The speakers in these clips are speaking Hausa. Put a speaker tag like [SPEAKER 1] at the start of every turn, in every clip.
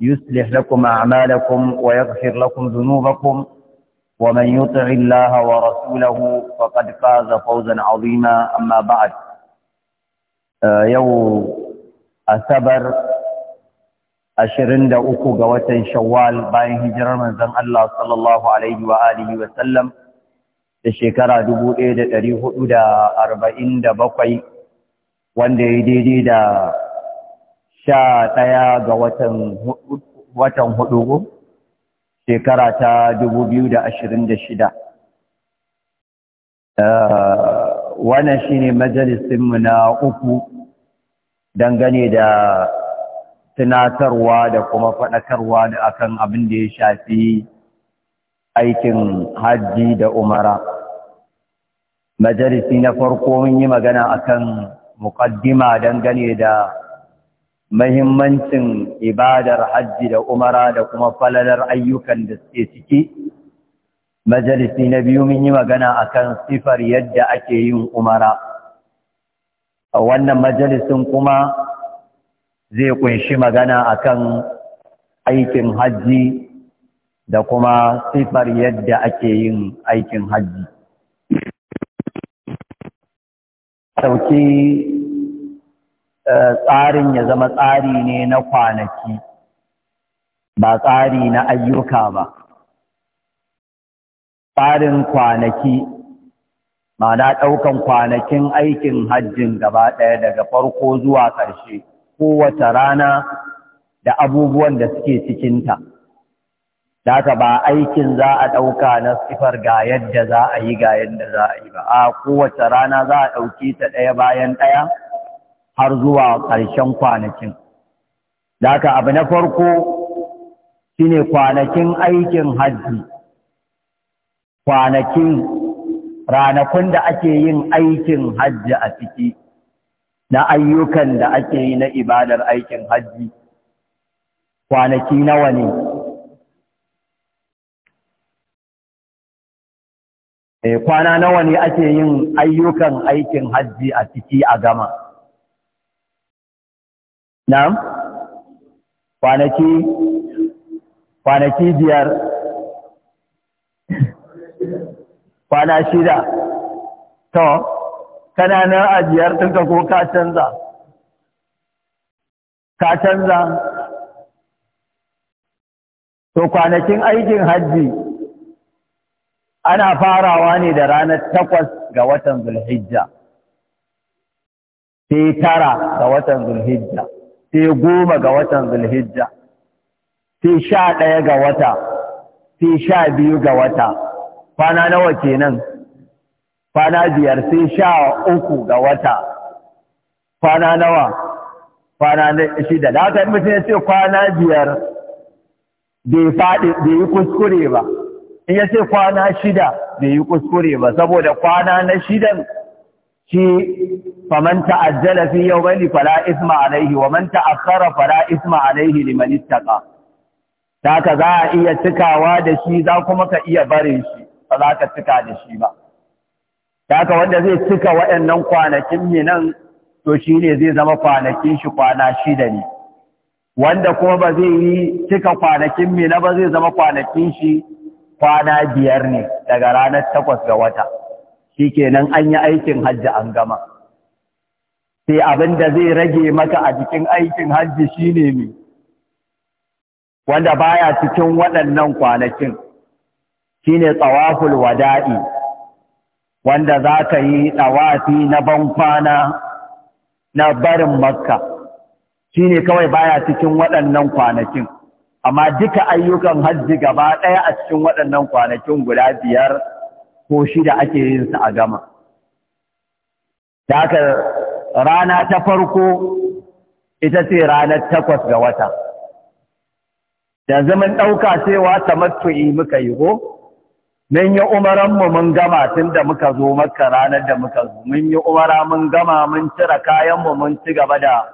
[SPEAKER 1] يصلح لكم أعمالكم ويغفر لكم ذنوبكم ومن يطع الله ورسوله فقد فاز فوزا عظيما أما بعد يوم أسبر أشرين دا أكو قوة شوال باين هجر من زن الله صلى الله عليه وآله وسلم تشكرا دبو إيدا تريه دا أربعين دا بقي وان دا يديدي دا sha ɗaya ga watan watan hudu shekara ta da shida. Eh, wannan shine majalisinmu na uku dangane da tunatarwa da kuma faɗakarwa da akan abin da ya shafi aikin hajji da umara majalisi na farko mun yi magana akan muƙaddima dangane da mahimmancin ibadar hajji da umara da kuma falalar ayyukan da suke ciki majalisi na biyu mun yi magana akan sifar yadda ake yin umara a wannan majalisin kuma zai kunshi magana akan aikin hajji da kuma sifar yadda ake yin aikin hajji sauki tsarin ya zama tsari ne na kwanaki ba tsari na ayyuka ba tsarin kwanaki ma'ana ɗaukan kwanakin aikin hajjin gaba ɗaya daga farko zuwa ƙarshe kowace rana da abubuwan da suke cikinta da haka ba aikin za a ɗauka na sifar ga yadda za a yi ga yadda za a yi ba a kowace rana za a ɗauki ta ɗaya bayan ɗaya har zuwa ƙarshen kwanakin. Da haka abu na farko shi ne kwanakin aikin hajji, kwanakin ranakun da ake yin aikin hajji a ciki, na ayyukan da ake yi na ibadar aikin hajji, kwanaki nawa ne. E, kwana nawa ne ake yin ayyukan aikin hajji a ciki a gama. na'am kwanaki kwanaki biyar kwana shida to kana nan a biyar ɗinka ko ka canza ka canza to kwanakin aikin hajji ana farawa ne da ranar takwas ga watan zulhijja sai tara ga watan zulhijja sai goma ga watan zulhijja sai sha ɗaya ga wata sai sha biyu ga wata kwana nawa kenan kwana biyar sai sha uku ga wata kwana nawa kwana shida da haka mutum ya ce kwana biyar bai faɗi bai yi kuskure ba in ya ce kwana shida bai yi kuskure ba saboda kwana na shidan shi faman ta'ajjala fi yawmayni fala isma alayhi wa man ta'akhkhara fala isma alayhi liman ittaqa haka za a iya cikawa da shi za kuma ka iya barin shi ba za ka cika da shi ba haka wanda zai cika waɗannan kwanakin ne nan to shi ne zai zama kwanakin shi kwana shida ne wanda kuma ba zai yi cika kwanakin mai na ba zai zama kwanakin shi kwana biyar ne daga ranar takwas ga wata shi kenan an yi aikin hajji an gama sai abin da zai rage maka a jikin aikin hajji shine ne wanda baya cikin waɗannan kwanakin shine tsawaful wada'i wanda za ka yi tsawafi na kwana na barin makka shine kawai baya cikin waɗannan kwanakin amma duka ayyukan hajji gaba ɗaya a cikin waɗannan kwanakin guda biyar ko shida ake yin su a gama. Da aka rana ta farko ita ce ranar takwas ga wata yanzu mun ɗauka cewa yi muka yi ko mun yi umaranmu mun gama tun da muka zo maka ranar da muka zo mun yi umara mun gama mun cire kayanmu mun ci gaba da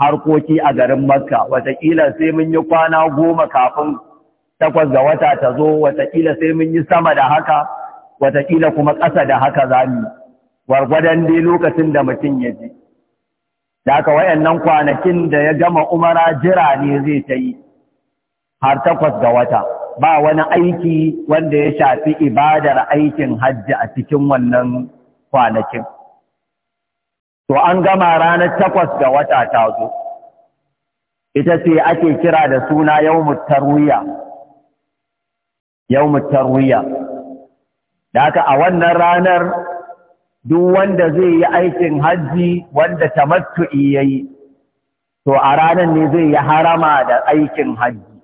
[SPEAKER 1] harkoki a garin makka watakila sai mun yi kwana goma kafin takwas ga wata ta zo watakila sai mun yi sama da haka Wataƙila kuma ƙasa da haka za mu gwargwadon dai lokacin da mutum ya ji da aka wayannan kwanakin da ya gama umara jira ne zai ta yi har takwas ga wata ba wani aiki wanda ya shafi ibadar aikin hajji a cikin wannan kwanakin to an gama ranar takwas ga wata ta zo ita ce ake kira da suna yawmut wuya. yawmut wuya. da aka a wannan ranar duk wanda zai yi aikin hajji wanda tamattu'i ya yi, to a ranar ne zai yi harama da aikin hajji.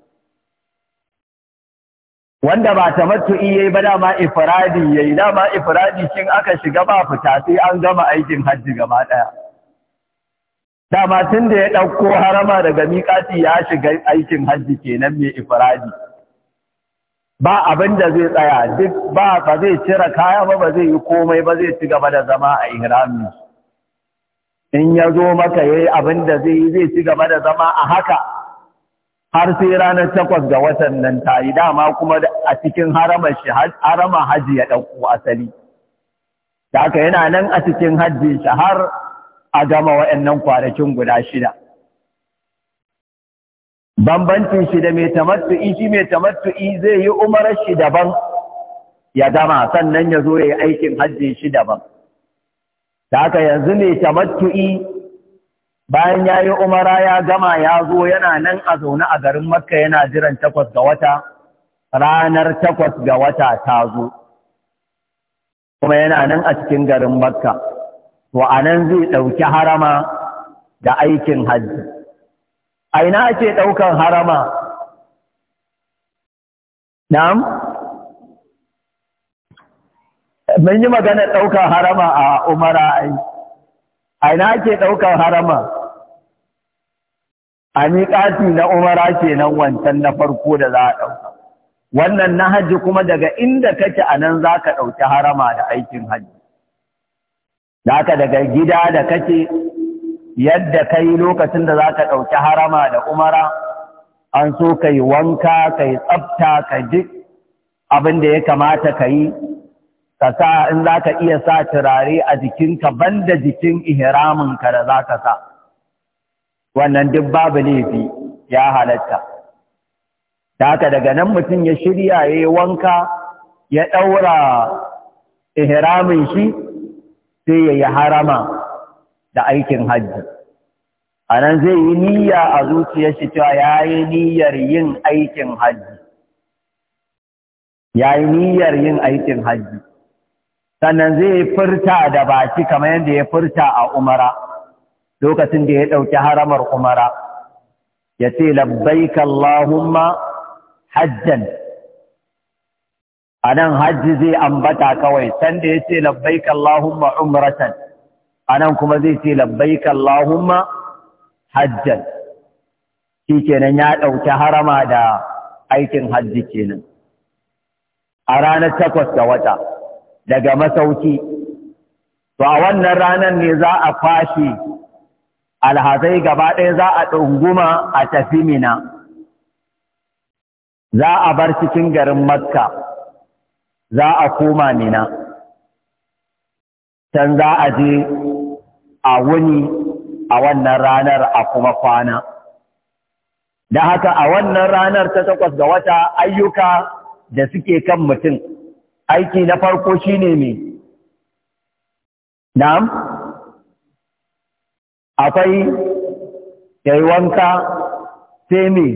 [SPEAKER 1] Wanda ba tamattu'i ya yi ba dama ifiradi ya yi, dama ifiradi shin aka shiga ba fita sai an gama aikin hajji gaba ɗaya. Dama tun da ya ɗauko harama daga miƙati ya shiga aikin hajji kenan mai ifiradi. ba abin da zai tsaya duk ba ba zai cire kaya ba ba zai yi komai ba zai ci gaba da zama a ihrami in ya zo maka yayi abin da zai yi zai ci gaba da zama a haka har sai ranar takwas ga watan nan ta yi dama kuma a cikin harama shi harama haji ya ɗauko asali da haka yana nan a cikin hajji shi har a gama waɗannan kwanakin guda shida bambancin shi da mai tamattu'i shi mai tamattu'i zai yi umarar shi daban ya gama sannan ya zo ya yi aikin hajji shi daban ta haka yanzu mai tamattu'i bayan ya yi umara ya gama ya zo yana nan a zaune a garin makka yana jiran takwas ga wata ranar takwas ga wata ta zo kuma yana nan a cikin garin makka to a nan zai ɗauki harama da aikin hajji a ina ake ɗaukan harama na'am mun yi magana ɗaukan harama a umara a ina ake ɗaukan harama a miƙati na umara kenan wancan na farko da za a ɗauka wannan na hajji kuma daga inda kake a nan za ka ɗauki harama da aikin hajji ka daga gida da kake yadda kai lokacin da za ka ɗauki harama da umara an so ka yi wanka ka yi tsafta ka duk abin da ya kamata ka yi ka sa in za ka iya sa turare a jikinka banda jikin ihraminka da za ka sa wannan duk babu laifi ya halatta da haka daga nan mutum ya shirya ya yi wanka ya ɗaura ihramin shi sai ya yi harama da aikin hajji a nan zai yi niyya a zuciya shi cewa ya yi niyyar yin aikin hajji ya yi niyyar yin aikin hajji sannan zai yi furta da baki kamar yadda ya furta a umara lokacin da ya ɗauki haramar umara ya ce labbaika Allahumma hajjan a nan hajji zai ambata kawai sanda ya ce labbaika Allahumma umratan anan kuma zai ce labbaika Allahumma hajjan shi kenan ya ɗauki harama da aikin hajji kenan a ranar takwas ga wata daga masauki to a wannan ranar ne za a kwashe alhazai gaba ɗaya za a ɗunguma a tafi mina za a bar cikin garin makka za a koma mina can za a je a wuni a wannan ranar a kuma kwana. Da haka a wannan ranar ta takwas ga wata ayyuka da suke kan mutum, aiki na farko shi ne mai. Na'am? Akwai ya wanka sai mai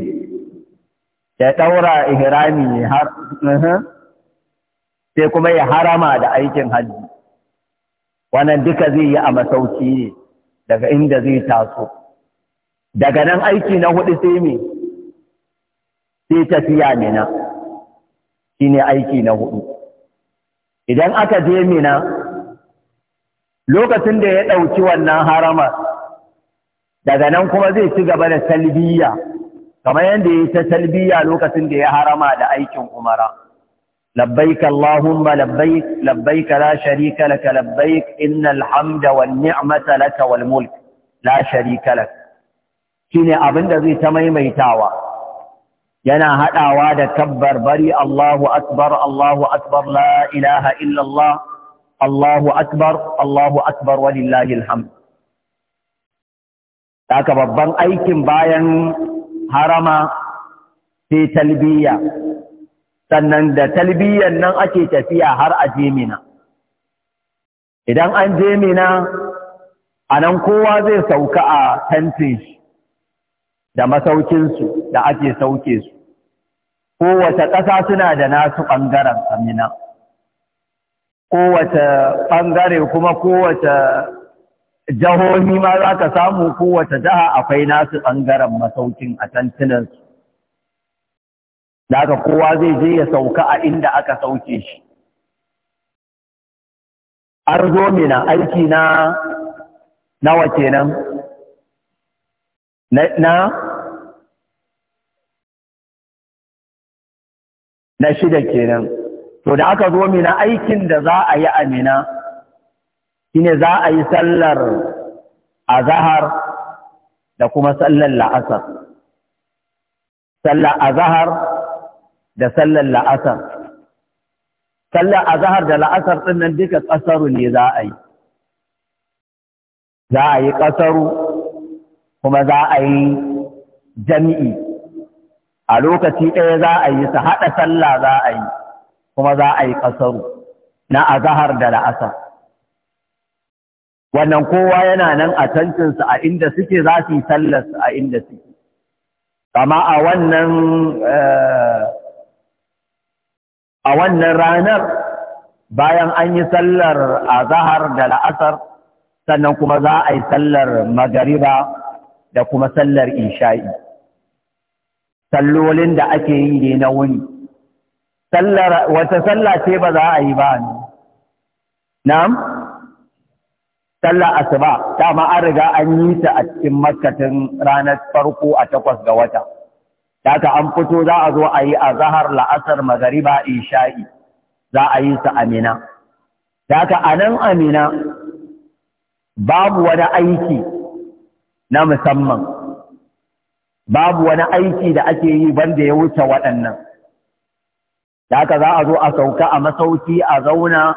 [SPEAKER 1] ya ɗaura ihrami har, uh-huh. sai kuma ya harama da aikin hajji. wannan duka zai yi a masauki ne daga inda zai taso daga nan aiki na hudu sai me sai tafiya mina shine aiki na hudu idan aka je mina lokacin da ya ɗauki wannan haramar daga nan kuma zai ci gaba da talbiya kamar yadda ya yi ta talbiya lokacin da ya harama da aikin umara لبيك اللهم لبيك لبيك لا شريك لك لبيك إن الحمد والنعمة لك والملك لا شريك لك شيني أبن ذي تمي ميتاوى ينا هدعوى دكبر بري الله أكبر الله أكبر لا إله إلا الله الله أكبر الله أكبر ولله الحمد haka babban aikin bayan harama sai talbiya sannan da talbiyan nan ake tafiya har a jemina idan an jemina a nan kowa zai sauka a tantin shi da masaukinsu da ake sauke su kowace ƙasa suna da nasu ɓangaren amina kowace ɓangare kuma kowace jahohi ma za ka samu kowace jiha akwai nasu ɓangaren masaukin a tantinansu da aka kowa zai je ya sauka a inda aka sauke shi an zo mina
[SPEAKER 2] aiki na nawa kenan na na
[SPEAKER 1] shida kenan to da aka zo mina aikin da za a yi a mina shine za a yi sallar azahar da kuma sallar la'asar sallar azahar da sallar la'asar sallar azahar da la'asar ɗin nan duka ƙasaru ne za a yi za a yi ƙasaru kuma za a yi jami'i a lokaci ɗaya za a yi su haɗa sallah za a yi kuma za a yi ƙasaru na azhar da la'asar wannan kowa yana nan a tantinsa a inda suke za su yi sallarsu a inda suke a wannan eh, a wannan ranar bayan an yi sallar azahar da la'asar sannan kuma za a yi sallar magariba da kuma sallar isha'i sallolin da ake yi ne na wuni sallar wata ce ba za a yi ba ne na'am sallar asuba dama an riga an yi ta a cikin makkatin ranar farko a takwas ga wata Daka an fito za a zo a yi a zahar la'asar magariba isha'i, za a yi su amina. Daka a nan amina babu wani aiki na musamman, babu wani aiki da ake yi banda ya wuce waɗannan. Daka za a zo a sauka a masauki a zauna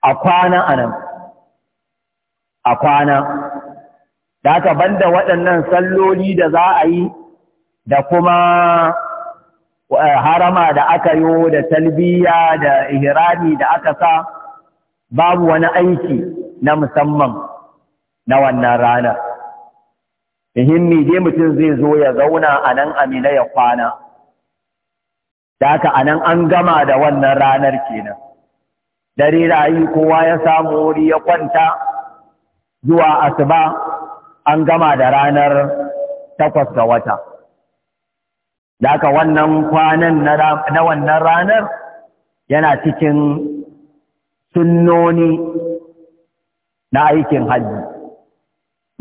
[SPEAKER 1] a kwana a nan, a kwana. Daka banda waɗannan salloli da za a yi da kuma eh, harama da aka yi da talbiya da ihrami da aka sa babu wani aiki na musamman na wannan ranar muhimmi dai mutum zai zo ya zauna a nan amina ya kwana da aka a nan an gama da wannan ranar kenan dare rayu kowa ya samu wuri ya kwanta zuwa asuba an gama da ranar takwas ga wata da aka wannan kwanan na wannan ranar yana cikin
[SPEAKER 2] sunnoni
[SPEAKER 1] na aikin hajji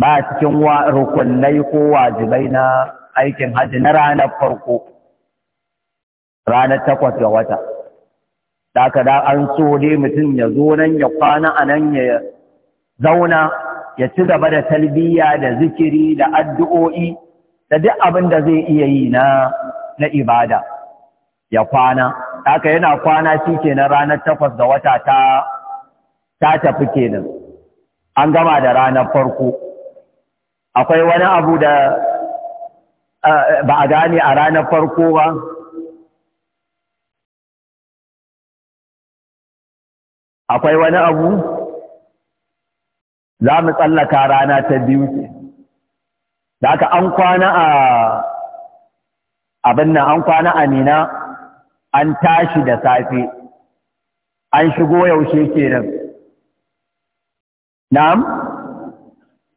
[SPEAKER 1] ba cikin rukunai ko wajibai na aikin hajji na ranar farko ranar takwas ga wata da aka da an so dai mutum ya zo nan ya kwana a nan ya zauna ya ci gaba da talbiya da zikiri da addu'o'i da duk abin da zai iya yi na na ibada ya kwana haka yana kwana shi kenan ranar takwas da wata ta ta tafi kenan an gama da ranar farko akwai wani abu da
[SPEAKER 2] ba a gane a ranar farko ba akwai wani abu za mu tsallaka rana ta biyu ce da aka an kwana
[SPEAKER 1] a abin nan an kwana a nina an tashi da safe an shigo yaushe kenan na'am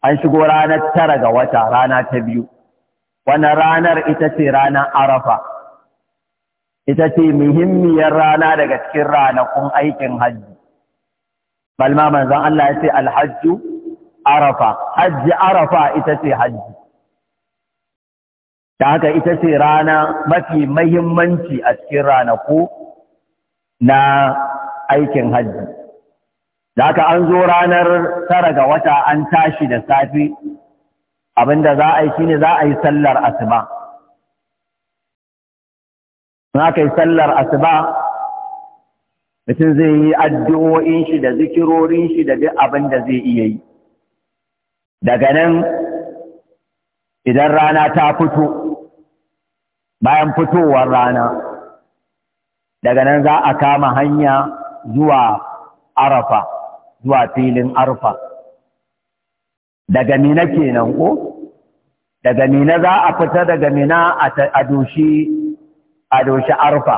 [SPEAKER 1] an shigo ranar tara ga wata rana ta biyu wani ranar ita ce ranar arafa ita ce muhimmiyar rana daga cikin ranakun aikin hajji balma manzon Allah ya ce alhajju arafa hajji arafa ita ce hajji da haka ita ce rana mafi mahimmanci a cikin ranaku na aikin hajji da haka an zo ranar tara ga wata an tashi da safi abinda za a yi shine za a yi sallar asuba na yi sallar asuba mutum zai yi addu'o'in shi da zikirorin shi da duk abin da zai iya yi daga nan idan rana ta fito bayan fitowar rana daga nan za a kama hanya zuwa arafa zuwa filin arfa daga mina kenan ko daga mina za a fita daga mina a doshi a doshi arfa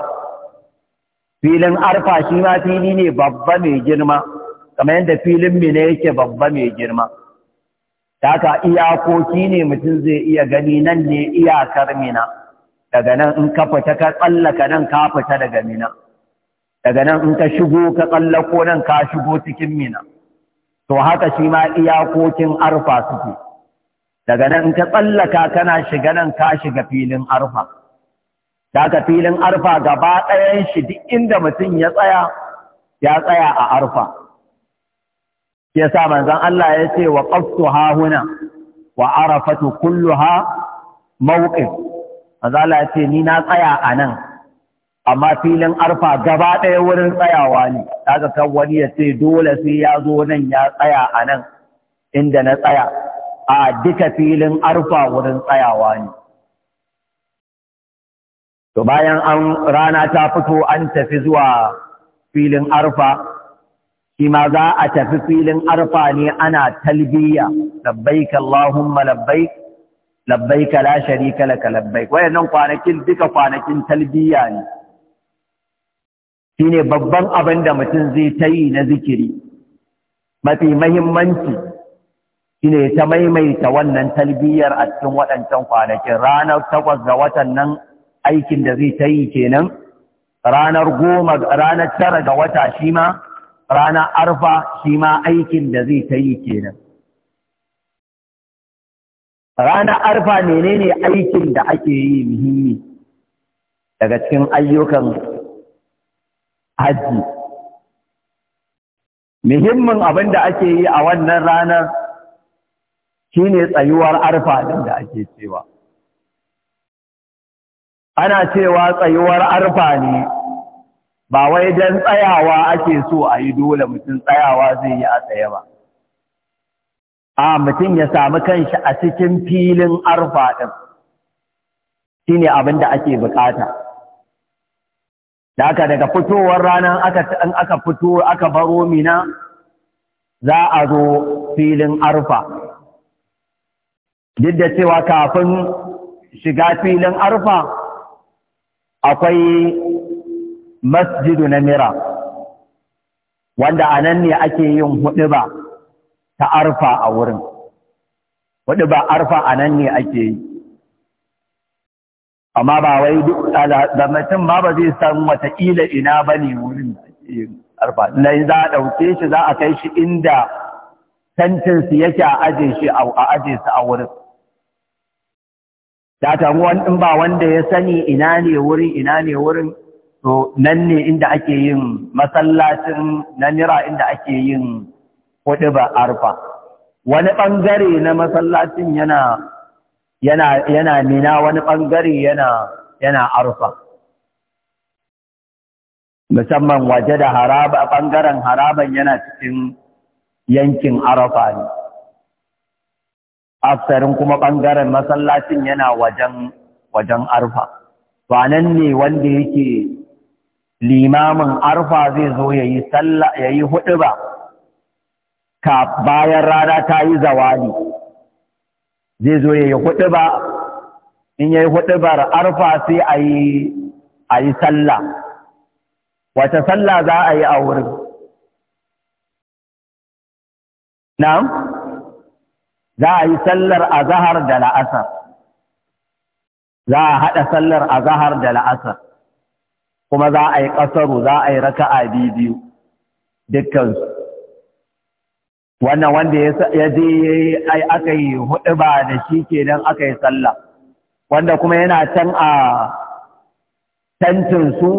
[SPEAKER 1] filin arfa shi ma fili ne babba mai girma kamar yadda filin mina yake babba mai girma ta iyakoki ne mutum zai iya gani nan ne iyakar mina daga nan in ka fita ka tsallaka nan ka fita daga mina daga nan in ka shigo ka tsallako nan ka shigo cikin mina to haka shi ma iyakokin arfa suke daga nan in ka tsallaka kana shiga nan ka shiga filin arfa daga filin arfa gaba ɗayan shi duk inda mutum ya tsaya ya tsaya a arfa ya sa manzon Allah ya ce wa qaftu hahuna wa arafatu kulluha mawqif Allah ya ce ni na tsaya a nan amma filin arfa gaba ɗaya wurin tsayawa ne kaga kan wani ya ce dole sai ya zo nan ya tsaya a nan inda na tsaya a duka filin arfa wurin tsayawa ne to bayan an rana ta fito an tafi zuwa filin arfa shi ma za a tafi filin arfa ne ana talbiya labbaik allahumma labbaik labbaika la sharika laka labbaik wayannan kwanakin duka kwanakin talbiya ne shine babban abin da mutum zai ta yi na zikiri mafi mahimmanci shine ta maimaita wannan talbiyar a cikin waɗancan kwanakin ranar takwas ga watan nan aikin da zai ta yi kenan ranar goma ranar tara ga wata shi ranar arfa shima aikin da zai ta yi kenan ranar arfa menene aikin da ake yi muhimmi daga cikin ayyukan hajji muhimmin abin da ake yi a wannan ranar shine tsayuwar arfa din da ake cewa ana cewa tsayuwar arfa ne ba wai don tsayawa ake so a yi dole mutum tsayawa zai yi a tsaye ba a mutum ya sami kanshi a cikin filin arfa ɗin shi ne abin da ake bukata da aka daga fitowar ranar in aka fito aka baro mina za a zo filin arfa duk da cewa kafin shiga filin arfa akwai masjidu na mira wanda a nan ne ake yin huɗu ba ta arfa a wurin wadda ba arfa a nan ne ake yi amma ba wai duk da mutum ma ba zai san wataƙila ina ba ne wurin arfa na za a ɗauke shi za a kai shi inda tantinsu yake a aje shi a aje su a wurin da ta in ba wanda ya sani ina ne wurin ina ne wurin to nan ne inda ake yin masallacin namira inda ake yin hudu ba arfa wani ɓangare na masallacin yana yana yana mina wani ɓangare yana yana arfa musamman waje da haraba ɓangaren haraban yana cikin yankin arfa ne afsarin kuma ɓangaren masallacin yana wajen wajen arfa to nan ne wanda yake limamin arfa zai zo ya yi ba? ka bayan rana ta yi zawali zai zo ya yi hudu ba in ya yi hudu ba arfa sai a yi a yi sallah wata sallah za a yi a wurin Na, za a yi sallar azahar da la'asar za a haɗa sallar azahar da la'asar kuma za a yi ƙasaru za a yi raka raka'a biyu dukkansu wannan wanda ya je aka yi hudu ba da shi kenan aka yi sallah wanda kuma yana can a tantinsu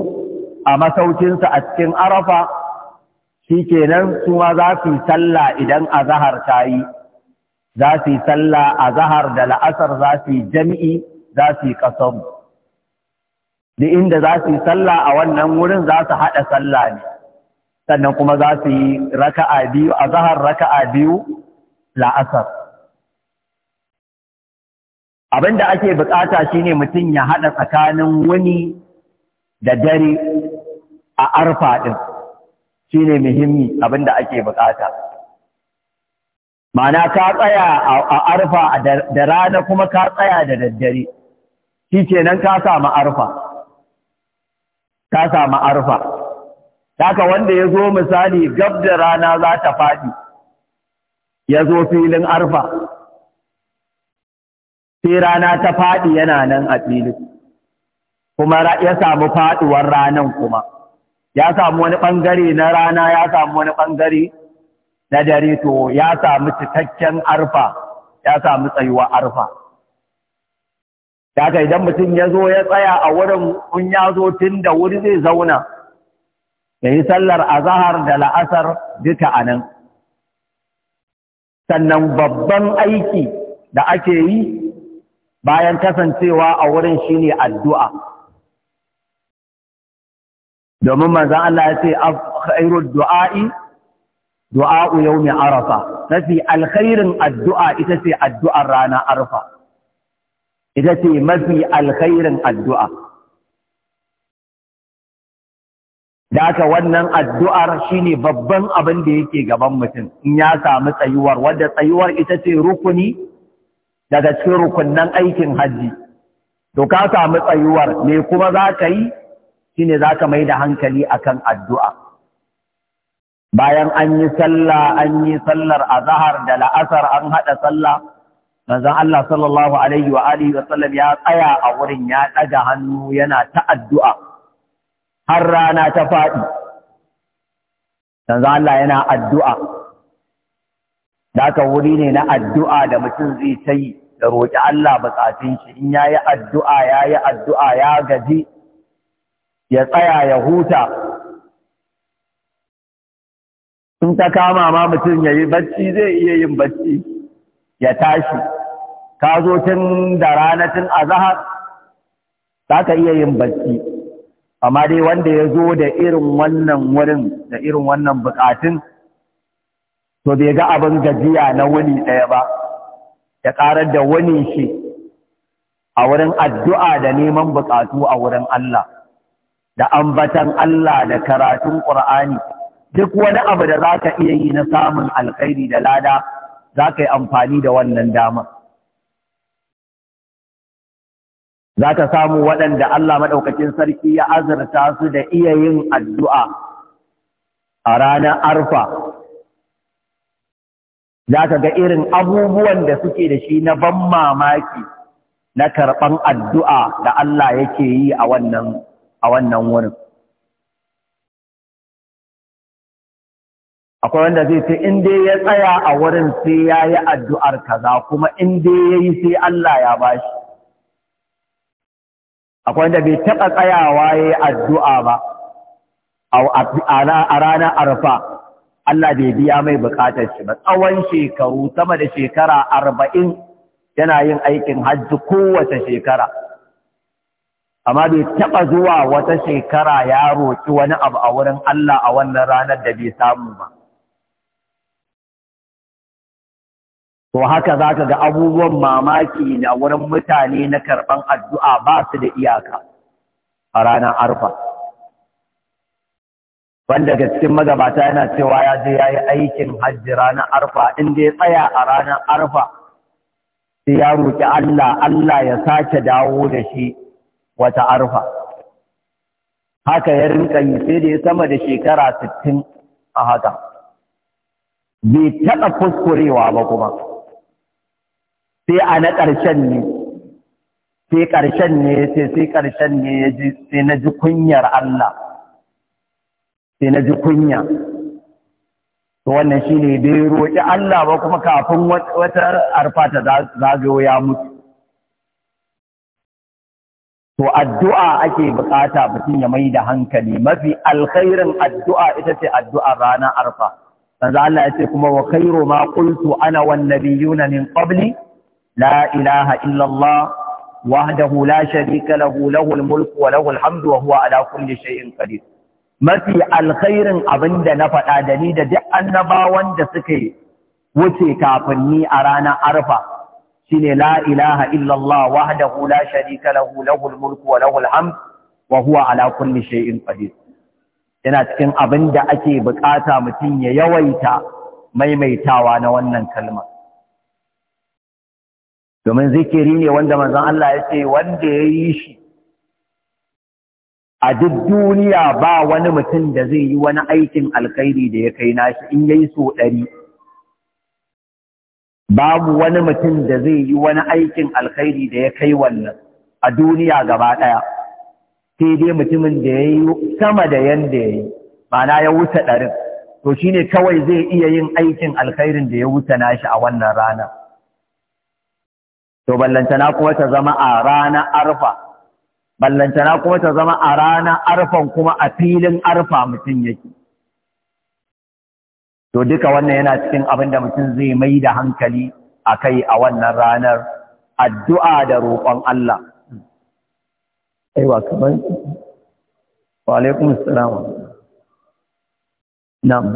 [SPEAKER 1] a masaukinsa a cikin arafa shi kenan su ma za su yi sallah idan a zahar ta yi za su yi sallah a zahar da la'asar za su yi jam'i za su yi ƙasar da inda za su yi sallah a wannan wurin za su haɗa sallah ne sannan kuma za su yi raka'a biyu a zahar raka'a biyu la'asar abin da ake bukata shine mutum ya haɗa tsakanin wuni da dare a arfa ɗin shine muhimmi abin da ake bukata mana ka tsaya a arfa da rana kuma ka tsaya da daddare shi kenan ka samu arfa ka samu arfa Haka wanda ya zo misali gab da rana za ta faɗi, ya zo filin arfa, sai rana ta faɗi yana nan a filin, kuma ya samu faɗuwar ranan kuma, ya samu wani ɓangare na rana ya samu wani ɓangare na dare to ya samu cikakken arfa, ya samu tsayuwar arfa. Taka idan mutum ya zo ya tsaya a wurin kun ya zo tun da wuri zai zauna. ya yi sallar azahar da la'asar duka a nan sannan babban aiki da ake yi bayan kasancewa a wurin shine addu'a domin manzan Allah ya ce khairu du'a'i du'a'u yawmi arafa tafi alkhairin addu'a ita ce addu'ar rana arfa ita ce mafi alkhairin addu'a da aka wannan addu'ar shine babban abin da yake gaban mutum in ya samu tsayuwar wadda tsayuwar ita ce rukuni daga cikin rukunnan aikin hajji to ka samu tsayuwar me kuma za ka yi shine za ka mai da hankali akan addu'a bayan an yi sallah an yi sallar azahar da la'asar an haɗa sallah manzon Allah sallallahu alaihi wa alihi wa sallam ya tsaya a wurin ya ɗaga hannu yana ta addu'a har rana ta faɗi yanzu Allah yana addu'a da wuri ne na addu'a da mutum zai ta da roƙi Allah buƙatun shi in ya yi addu'a ya yi addu'a ya gaji ya tsaya ya huta in ta kama ma mutum ya yi bacci zai iya yin bacci ya tashi ka zo tun da rana tun azahar za ka iya yin bacci amma dai wanda ya zo da irin wannan wurin da irin wannan bukatun to bai ga abin gajiya na wuni ɗaya ba ya ƙarar da wuni shi a wurin addu'a da neman bukatu a wurin Allah da ambatan Allah da karatun ƙur'ani duk wani abu da za ka iya yi na samun alkhairi da lada za ka yi amfani da wannan damar. za ka samu waɗanda Allah maɗaukacin sarki ya azurta su da iya yin addu'a a ranar arfa za ka ga irin abubuwan da suke da shi na ban mamaki na karɓan addu'a da Allah yake yi a wannan wurin akwai wanda zai ce in dai ya tsaya a wurin sai ya yi addu'ar kaza kuma in dai ya yi sai Allah ya bashi akwai wanda bai taɓa tsayawa ya yi addu'a ba a ranar arfa Allah bai biya mai bukatar shi ba tsawon shekaru sama da shekara arba'in yana yin aikin hajji kowace shekara amma bai taɓa zuwa wata shekara ya roƙi wani abu a wurin Allah a wannan ranar da bai samu ba to haka za ka ga abubuwan mamaki na wurin mutane na karɓan addu'a ba su da iyaka a ranar arfa wanda ga cikin magabata yana cewa ya je ya yi aikin hajji ranar arfa inda ya tsaya a ranar arfa sai ya roƙi Allah Allah ya sake dawo da shi wata arfa haka ya rinka yi sai da ya sama da shekara sittin a haka bai taɓa kuskurewa ba kuma sai a na ƙarshen ne sai ƙarshen ne ya ce sai ƙarshen ne ya ji sai na ji kunyar Allah sai na ji kunya to wannan ne bai roƙi Allah ba kuma kafin wata arfa ta zagayo ya mutu To addu'a ake bukata mutum ya mai da hankali, mafi alkhairin addu'a ita ce addu'a ranar arfa. Sanzu Allah ya ce kuma wa kairo ma kultu ana wannan biyu na min qabli لا إله إلا الله وحده لا شريك له له الملك وله الحمد وهو على كل شيء قدير mafi alkhairin abin da na faɗa da ni da duk annabawan da suke wuce kafin ni a ranar arfa shine la ilaha illallah wahdahu la sharika lahu lahul mulku wa lahul hamd wa shay'in yana cikin abin da ake bukata mutum ya yawaita maimaitawa na wannan kalma domin zikiri ne wanda manzan Allah ya ce wanda ya yi shi a duk duniya ba wani mutum da zai yi wani aikin alkhairi da ya kai nashi in yayi so ɗari babu wani mutum da zai yi wani aikin alkhairi da ya kai wannan a duniya gaba ɗaya sai dai mutumin da ya yi sama da yadda ya yi ma'ana ya wuce ɗarin to shine kawai zai iya yin aikin alkhairin da ya wuce nashi a wannan rana to ballantana kuma ta zama a ranar arfa ballantana kuma ta zama a rana arfan kuma a filin arfa mutum yake to duka wannan yana cikin abin da mutum zai mai da hankali a kai a wannan ranar addu'a da roƙon Allah aiwa kamar wa alaikun salamu
[SPEAKER 2] na'am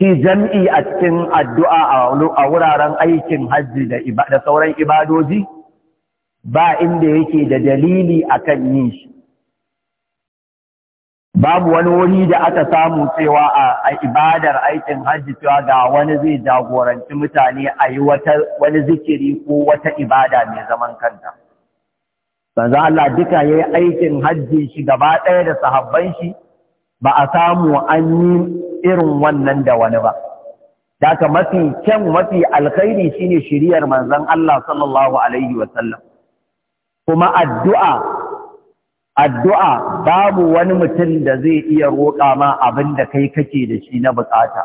[SPEAKER 2] shi jam'i
[SPEAKER 1] a cikin addu'a a wuraren aikin hajji da sauran ibadoji ba inda yake da dalili akan yin shi babu wani wuri da aka samu cewa a ibadar aikin hajji cewa ga wani zai jagoranci mutane a yi wani zikiri ko wata ibada mai zaman kanta. Sanzu Allah duka ya yi aikin hajji shi gaba ɗaya da sahabban shi ba a samu an yi irin wannan da wani ba daga mafi kyan mafi alkhairi shine shiriyar manzon Allah sallallahu alaihi wasallam kuma addu'a addu'a babu wani mutum da zai iya roƙa ma abin da kai kake da shi na bukata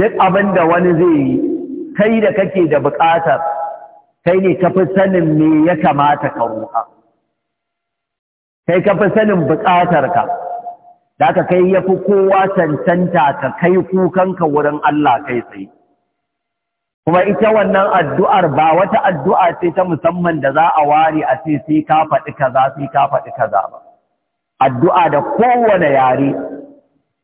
[SPEAKER 1] duk abin da wani zai yi kai da kake da bukatar kai ne ka fi sanin me ya kamata ka roƙa kai ka fi sanin buƙatarka da aka kai ya fi kowa cancanta ka kai kukanka wurin Allah kai tsaye kuma ita wannan addu'ar ba wata addu'a ce ta musamman da za a ware a ce sai ka faɗi kaza sai ka faɗi kaza ba addu'a da kowane yare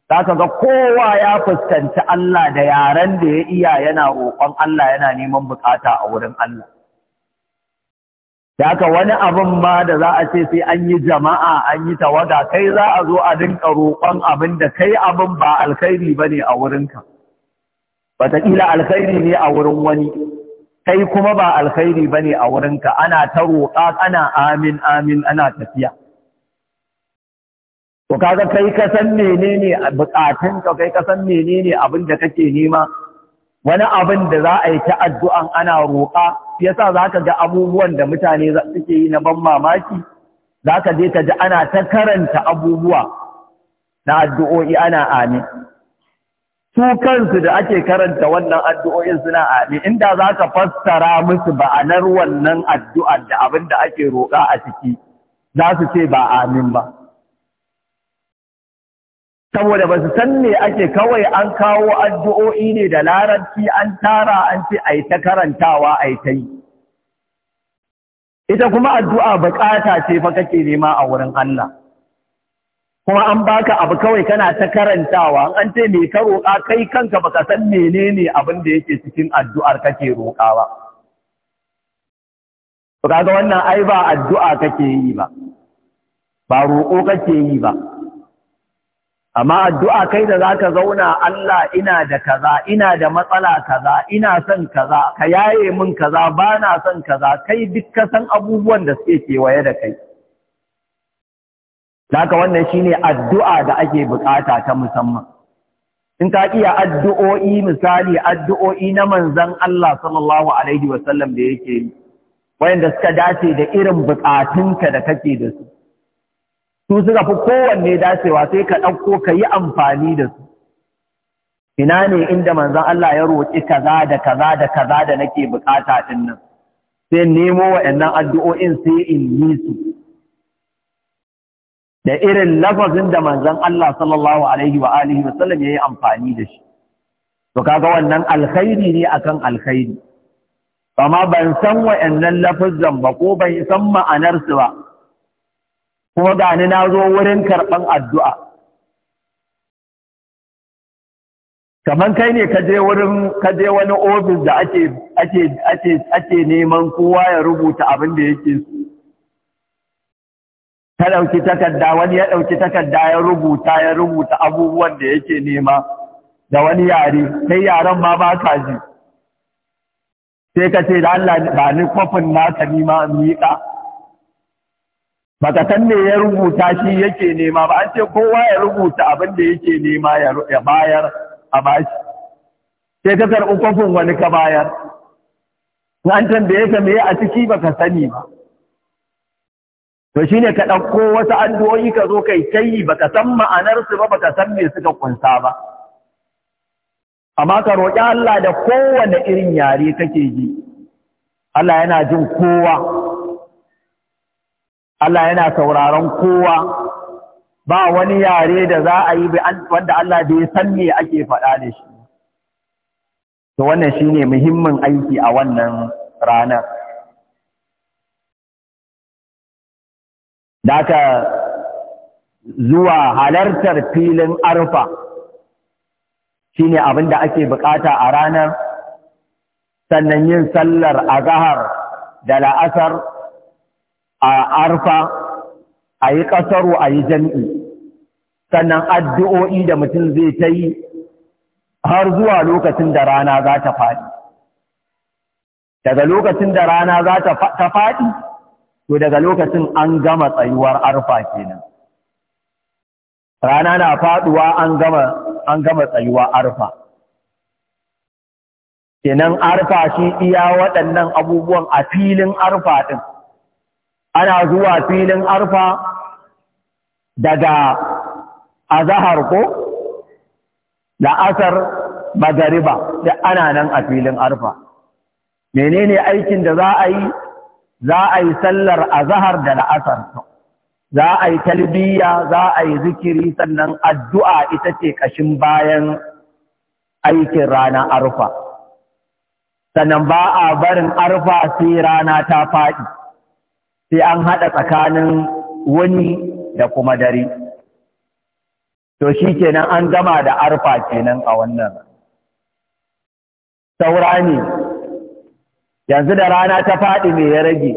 [SPEAKER 1] za ka ga kowa ya fuskanci Allah da yaren da ya iya yana roƙon Allah yana neman buƙata a wurin Allah da aka wani abin ba da za a ce sai an yi jama'a an yi tawada kai za a zo a dinka roƙon abin da kai abin ba alkhairi ba ne a wurinka wataƙila alkhairi ne a wurin wani kai kuma ba alkhairi ba ne a wurinka ana ta roƙa ana amin amin ana tafiya to kaga kai ka menene bukatunka kai kasan menene abin da kake nema wani abin da za a yi ta addu'an ana roƙa sa za ka ga abubuwan da mutane suke yi na ban mamaki za ka je ka ji ana ta karanta abubuwa na addu'o'i ana amin su kansu da ake karanta wannan addu'o'in suna amin inda za ka fassara musu ba'anar wannan addu'ar da abin da ake roƙa a ciki za su ce ba amin ba saboda ba su san me ake kawai an kawo addu'o'i ne da larabci an tara an ce a ta karantawa a ta yi ita kuma addu'a bukata ce fa kake nema a wurin Allah kuma an baka abu kawai kana ta karantawa an ce me ka roƙa kai kanka baka san menene abin da yake cikin addu'ar kake roƙa ba to kaga wannan ai ba addu'a kake yi ba ba roƙo kake yi ba amma addu'a kai da za ka zauna Allah ina da kaza ina da matsala kaza ina son kaza ka yaye min kaza ba na son kaza kai duk kasan san abubuwan da suke kewaye da kai laka wannan shine addu'a da ake bukata ta musamman in ka iya addu'o'i misali addu'o'i na manzon Allah sallallahu alaihi wasallam da yake wayanda suka dace da irin bukatunka da kake da su su suka fi kowanne dacewa sai ka ɗauko ka yi amfani da su ina ne inda manzon Allah ya roƙi kaza da kaza da kaza da nake bukata din nan sai nemo waɗannan addu'o'in sai in yi su da irin lafazin da manzon Allah sallallahu alaihi wa alihi wa sallam yayi amfani da shi to kaga wannan alkhairi ne akan alkhairi amma ban san waɗannan lafazan ba ko ban san ma'anar su ba kuma gani na zo wurin karɓan addu'a kamar kai ne kaje wurin kaje wani ofis da ake ake ake neman kowa ya rubuta abin da yake so ta ɗauki takarda wani ya ɗauki takarda ya rubuta ya rubuta abubuwan da yake nema da wani yare sai yaren ma ba ka ji sai ka ce da Allah ba ni kofin naka ni ma miƙa baka san me ya rubuta shi yake nema ba an ce kowa ya rubuta abin da yake nema ya bayar a bashi sai ka karɓi kofin wani ka bayar an tambaye ka me a ciki baka sani ba to shine ka ɗauko wasu addu'o'i ka zo kai kai baka san ma'anarsu ba baka san me suka kunsa ba amma ka roƙi Allah da kowane irin yare kake ji Allah yana jin kowa Allah yana sauraron kowa ba wani yare da za a yi wanda Allah bai san me ake faɗa da shi to wannan shi ne muhimmin aiki a wannan ranar Daka zuwa halartar filin arfa shine abin da ake bukata a ranar sannan yin sallar azahar da la'asar a arfa a yi ƙasaru a yi jam'i sannan addu'o'i da mutum zai ta yi har zuwa lokacin da rana za ta faɗi daga lokacin da rana za ta faɗi to daga lokacin an gama tsayuwar arfa kenan rana na faɗuwa an gama an gama tsayuwa arfa kenan arfa shi iya waɗannan abubuwan a filin arfa ɗin ana zuwa filin arfa daga azahar ko la'asar magariba da ana nan a filin arfa menene aikin da za a yi za a yi sallar azahar da la'asar za a yi talbiya za a yi zikiri sannan addu'a ita ce ƙashin bayan aikin rana arfa sannan ba a barin arfa sai rana ta faɗi sai an haɗa tsakanin wani da kuma dare to shi kenan an gama da arfa kenan a wannan saura ne yanzu da rana ta faɗi mai ya rage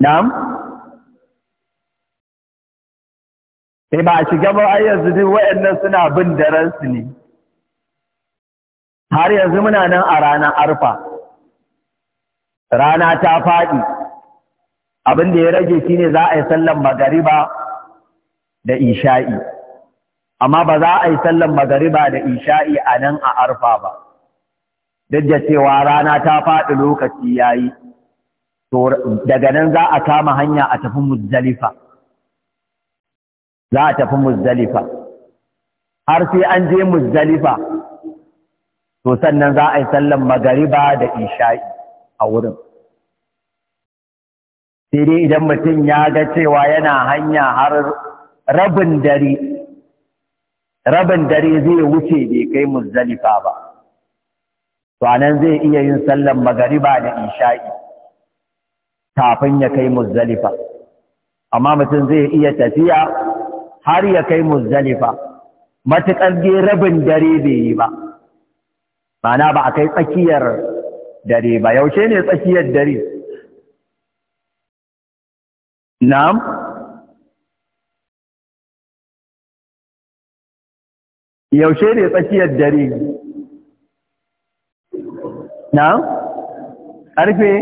[SPEAKER 1] Nam? sai eh, ba a shiga ba ai yanzu duk waɗannan suna bin daren su ne har yanzu muna nan a ranar arfa rana ta faɗi abin da ya rage shi ne za a yi sallan magariba da isha'i amma ba za a yi sallan magariba da isha'i a nan a arfa ba duk da cewa rana ta faɗi lokaci yayi to daga nan za a kama hanya a tafi muzdalifa za a tafi muzdalifa har sai an je muzdalifa to sannan za a yi sallan magariba da isha'i a wurin sai dai idan mutum ya ga cewa yana hanya har rabin dare rabin dare zai wuce bai kai muzdalifa ba to anan zai iya yin sallan magariba da isha'i kafin ya kai muzdalifa amma mutum zai iya tafiya har ya kai muzdalifa matuƙar dai rabin dare bai yi ba ma'ana ba a kai tsakiyar
[SPEAKER 2] dare ba yaushe ne tsakiyar dare na'am yaushe ne tsakiyar dare
[SPEAKER 1] na'am ƙarfe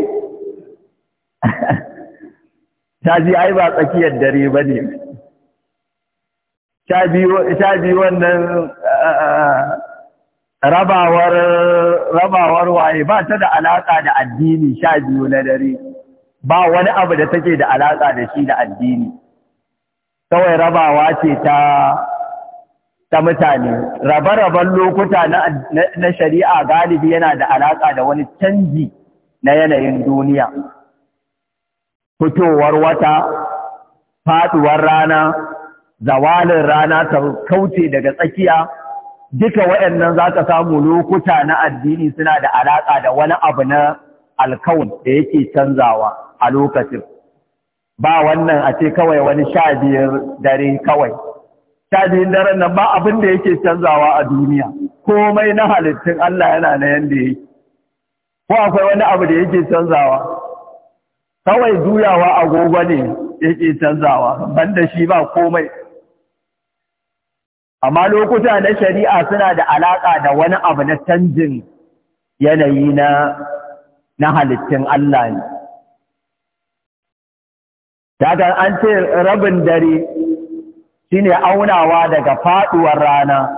[SPEAKER 1] ta ji ai ba tsakiyar dare ba ne sha biyu wannan rabawar waye ba ta da alaka da addini sha biyu na dare ba wani abu da take da alaka da shi da addini kawai rabawa ce ta ta mutane rabe-raben lokuta na shari'a galibi yana da alaƙa da wani canji na yanayin duniya fitowar wata faduwar rana zawalin rana ta kauce daga tsakiya duka waɗannan za ka samu lokuta na addini suna da alaƙa da wani abu na alkawun da yake canzawa a lokacin. Ba wannan a ce kawai wani sha biyar dare kawai. Sha biyun daren nan ba abin da yake canzawa a duniya, komai na halittun Allah yana na ya yake. Ko akwai wani abu da yake canzawa? Kawai juyawa agogo ne yake canzawa, banda shi ba komai. amma lokuta na shari'a suna da alaƙa da wani abu na canjin yanayi na na halittun Allah ne daga an ce rabin dare shine aunawa daga faɗuwar rana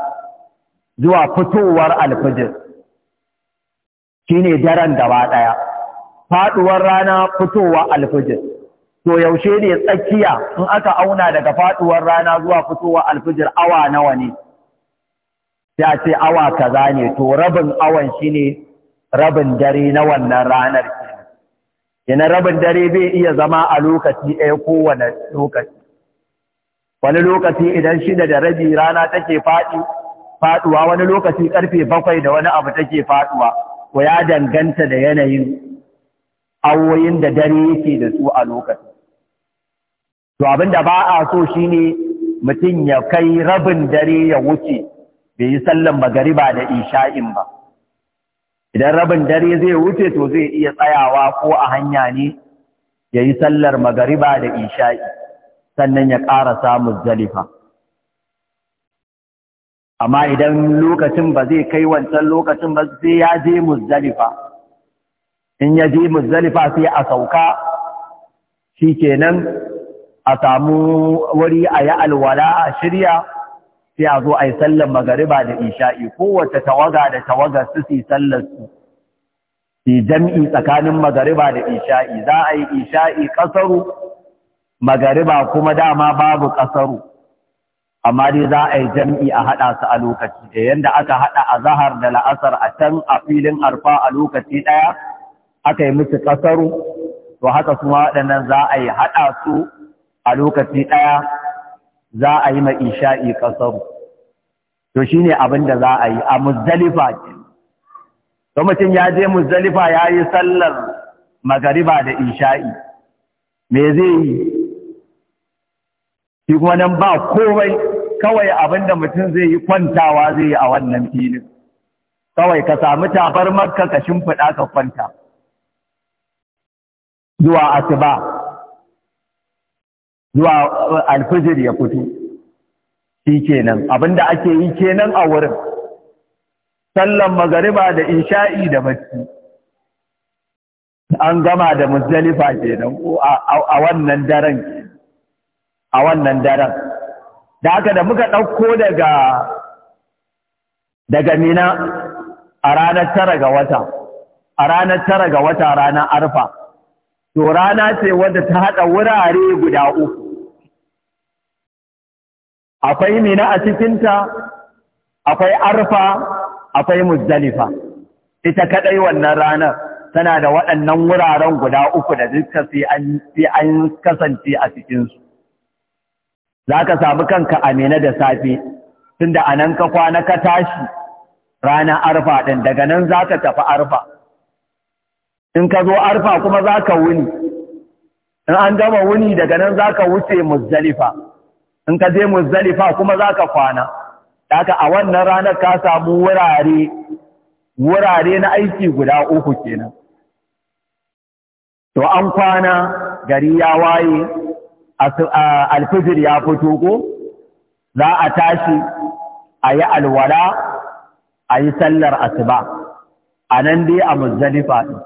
[SPEAKER 1] zuwa fitowar alfijir shine daren gaba ɗaya faɗuwar rana fitowar alfijir to yaushe ne tsakiya in aka auna daga faduwar rana zuwa fitowar alfijir awa nawa ne ya ce awa kaza ne to rabin awan shine rabin dare na wannan ranar kenan rabin dare bai iya zama a lokaci ɗaya kowane lokaci wani lokaci idan shida da rabi rana take faɗi faɗuwa wani lokaci ƙarfe bakwai da wani abu take faɗuwa to ya danganta da yanayin awoyin da dare yake da su a lokaci to abinda ba a so shi ne mutum ya kai rabin dare ya wuce bai yi sallan magariba da isha'in ba idan rabin dare zai wuce to zai iya tsayawa ko a hanya ne ya yi sallar magariba da isha'i sannan ya ƙara samun zalifa amma idan lokacin ba zai kai wancan lokacin ba sai ya je muzdalifa in ya je muzdalifa sai a sauka shi kenan a samu wuri a yi alwala a shirya sai a zo a yi sallar magariba da isha'i kowace tawaga da tawaga su su sallar su su jam'i tsakanin magariba da isha'i za a yi isha'i ƙasaru magariba kuma dama babu ƙasaru amma dai za a yi jam'i a haɗa su a lokaci da yadda aka haɗa a zahar da la'asar a can a filin arfa a lokaci ɗaya aka yi musu ƙasaru to haka kuma waɗannan za a yi haɗa su a lokaci ɗaya za a yi isha'i ƙasar to shi ne abin da za a yi a muzalifa ce to mutum ya je muzalifa ya yi sallar magariba da isha'i me zai yi shi kuma nan ba komai kawai abin da mutum zai yi kwantawa zai yi a wannan filin kawai ka sami tabarmarka ka shimfiɗa ka kwanta zuwa asuba zuwa eh, alfijir ya fito shi kenan abinda ake yi kenan a wurin sallan magariba da isha'i da bacci an gama da muzdalifa kenan a wannan daren a wannan daren da haka da muka ɗauko daga daga mina a ranar tara ga wata a ranar tara ga wata ranar arfa to rana ce wadda ta haɗa wurare guda uku akwai mina a cikinta akwai arfa akwai muzdalifa ita kaɗai wannan ranar tana da waɗannan wuraren guda uku da duka sai an kasance a cikinsu za ka sami kanka amina da safe tunda a nan ka kwana ka tashi ranar arfa ɗin daga nan za ka tafi arfa in ka zo arfa kuma za ka wuni in an gama wuni daga nan za ka wuce muzdalifa in ka je muzdalifa kuma za ka kwana ka a wannan ranar ka samu wurare wurare na aiki guda uku kenan to an kwana gari ya waye alfijir ya fito ko za a tashi a yi alwala a yi sallar asuba a nan dai a muzdalifa ɗin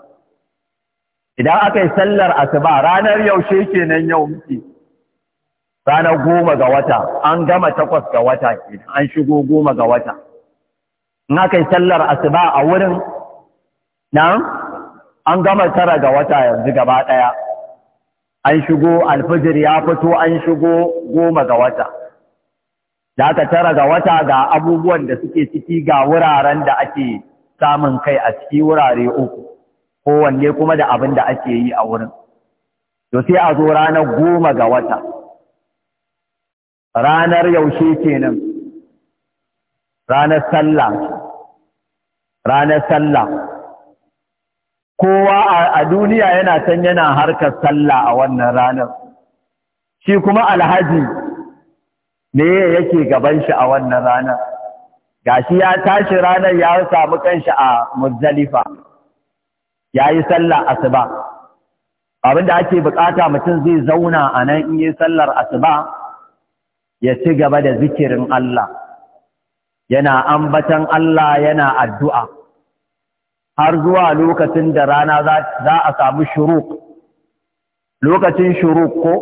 [SPEAKER 1] idan aka yi sallar asuba ranar yaushe kenan yau muke ranar goma ga wata an gama takwas ga wata kenan an shigo goma ga wata in aka yi sallar asuba a wurin nan an gama tara ga wata yanzu gaba ɗaya an shigo alfijir ya fito an shigo goma ga wata da aka tara ga wata ga abubuwan da suke ciki ga wuraren da ake samun kai a ciki wurare uku kowanne kuma da abin da ake yi a wurin to sai a zo ranar goma ga wata ranar yaushe kenan ranar sallah ranar sallah kowa a duniya yana can yana harkar sallah a wannan ranar shi kuma alhaji ne yake gaban shi a wannan ranar gashi ya tashi ranar ya samu kanshi a muzdalifa ya yi sallar asuba abin da ake bukata mutum zai zauna a nan in yi sallar asuba ya ci gaba da zikirin Allah yana ambatan Allah yana addu'a har zuwa lokacin da rana za a samu shuruk lokacin shuruk ko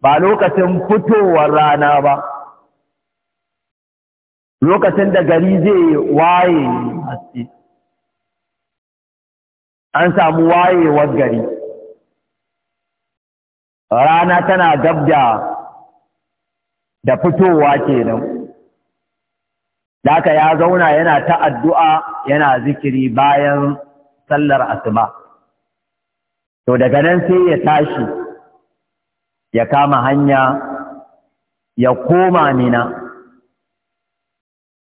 [SPEAKER 1] ba lokacin fitowar rana ba lokacin da gari zai waye haske an samu wayewar gari rana tana gabda da fitowa kenan Daka ya zauna yana ta addu'a yana zikiri bayan sallar asuba. To daga nan sai ya tashi, ya kama hanya, ya koma mina.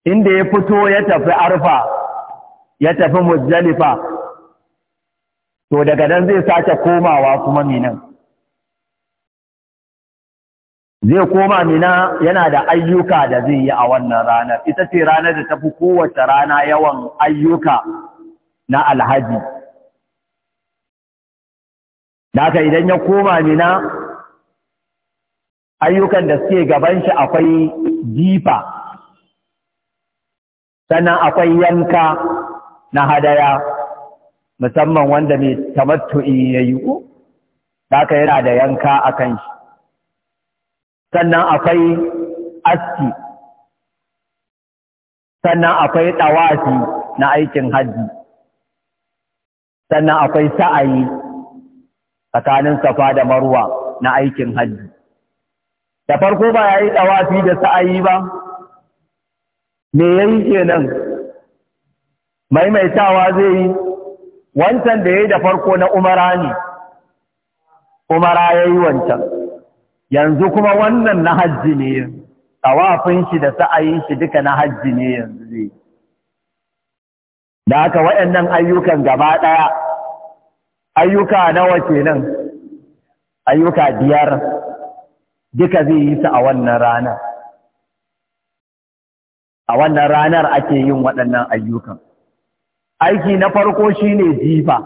[SPEAKER 1] Inda ya fito ya tafi arfa, ya tafi muzalifa to daga nan zai sake komawa kuma minan zai koma mina yana da ayyuka da zai yi a wannan ranar ita ce ranar da tafi kowace rana yawan ayyuka na alhaji Daka idan ya koma mina ayyukan da suke gaban shi akwai jifa sannan akwai yanka na hadaya musamman wanda mai tamattu'i ya yi ku ka yana da yanka a kan shi sannan akwai aski sannan akwai ɗawafi na aikin hajji sannan akwai sa'ayi tsakanin safa da marwa na aikin hajji da farko ba ya yi ɗawafi da sa'ayi ba me ya yi kenan maimaitawa zai yi wancan da ya da farko na umara ne umara ya yi wancan yanzu kuma wannan na hajji ne tawafin shi da sa'ayin shi duka na hajji ne yanzu zai da aka waɗannan ayyukan gaba ɗaya ayyuka nawa kenan ayyuka biyar duka zai yi su a wannan ranar a wannan ranar ake yin waɗannan ayyukan aiki na farko shine jifa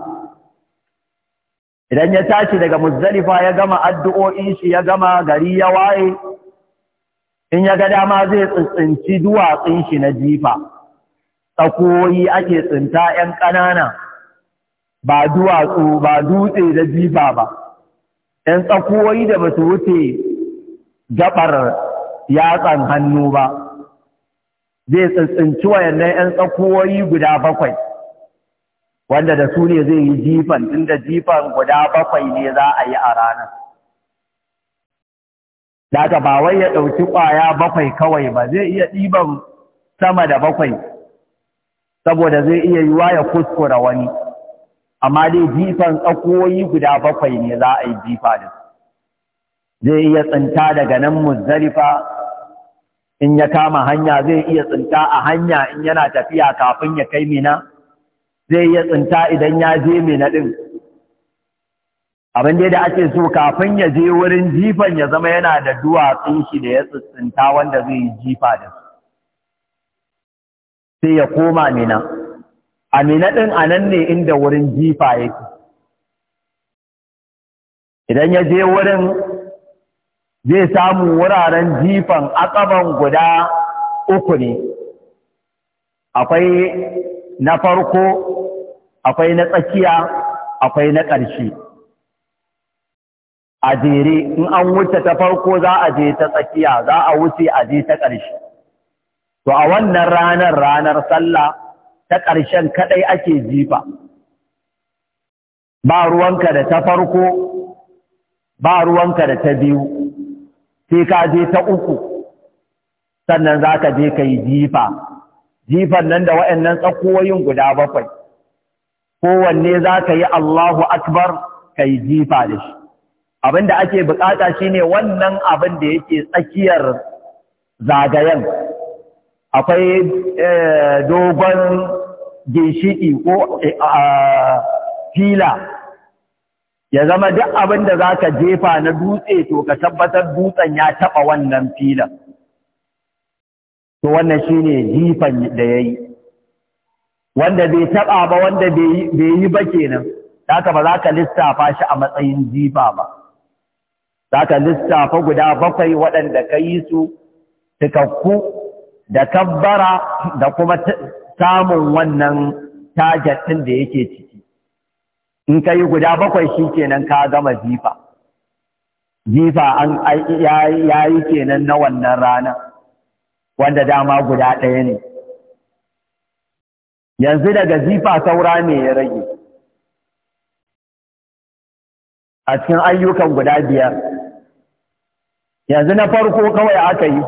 [SPEAKER 1] idan ya tashi daga muzdalifa ya gama addu'o'in shi ya gama gari ya waye in ya ga dama zai tsintsinci duwatsun shi na jifa tsakoyi ake tsinta 'yan ƙanana ba duwatsu ba dutse da jifa ba ‘yan tsakoyi da ba su wuce gabar yatsan hannu ba zai tsintsinci wayannan ‘yan tsakoyi guda bakwai wanda da su ne zai yi jifan tun da jifan guda bakwai ne za a yi a ranar daga ba wai ya ɗauki ƙwaya bakwai kawai ba zai iya ɗiban sama da bakwai saboda zai iya yiwa ya kuskura wani amma dai jifan tsakoyi guda bakwai ne za a yi jifa da su zai iya tsinta daga nan muzdalifa in ya kama hanya zai iya tsinta a hanya in yana tafiya kafin ya kai mina zai yi tsinta idan ya je mai naɗin abin da ake so kafin ya je wurin jifan ya zama yana da duwatsun shi da ya tsinta wanda zai yi jifa da su sai ya koma mina a mina ɗin a nan ne inda wurin jifa yake idan ya je wurin zai samu wuraren jifan akaban guda uku ne akwai na farko akwai na tsakiya akwai na ƙarshe a jere in an wuce ta farko za a je ta tsakiya za a wuce a je ta ƙarshe to a wannan ranar ranar sallah ta ƙarshen kaɗai ake jifa ba ruwanka da ta farko ba ruwanka da ta biyu sai ka je ta uku sannan za ka je ka yi jifa jifan nan da waɗannan tsakowayin guda bakwai kowanne za ka yi Allahu Akbar ka yi jifa da shi. Abin da ake bukata shi ne wannan abin da yake tsakiyar zagayen. Akwai eh, dogon ginshiɗi ko eh, fila ya zama duk abin da za ka jefa na dutse to ka tabbatar dutsen ya taɓa wannan filan. To wannan shi ne jifan da ya yi. wanda bai taɓa ba wanda bai yi ba kenan haka ba za ka lissafa shi a matsayin jifa ba za ka lissafa guda bakwai waɗanda ka yi su cikakku da kabbara da kuma samun wannan target ɗin da yake ciki in ka yi guda bakwai shi kenan ka gama jifa jifa an ya yi kenan na wannan rana wanda dama guda ɗaya ne yanzu daga zifa saura ne ya rage a cikin ayyukan guda biyar yanzu na farko kawai aka yi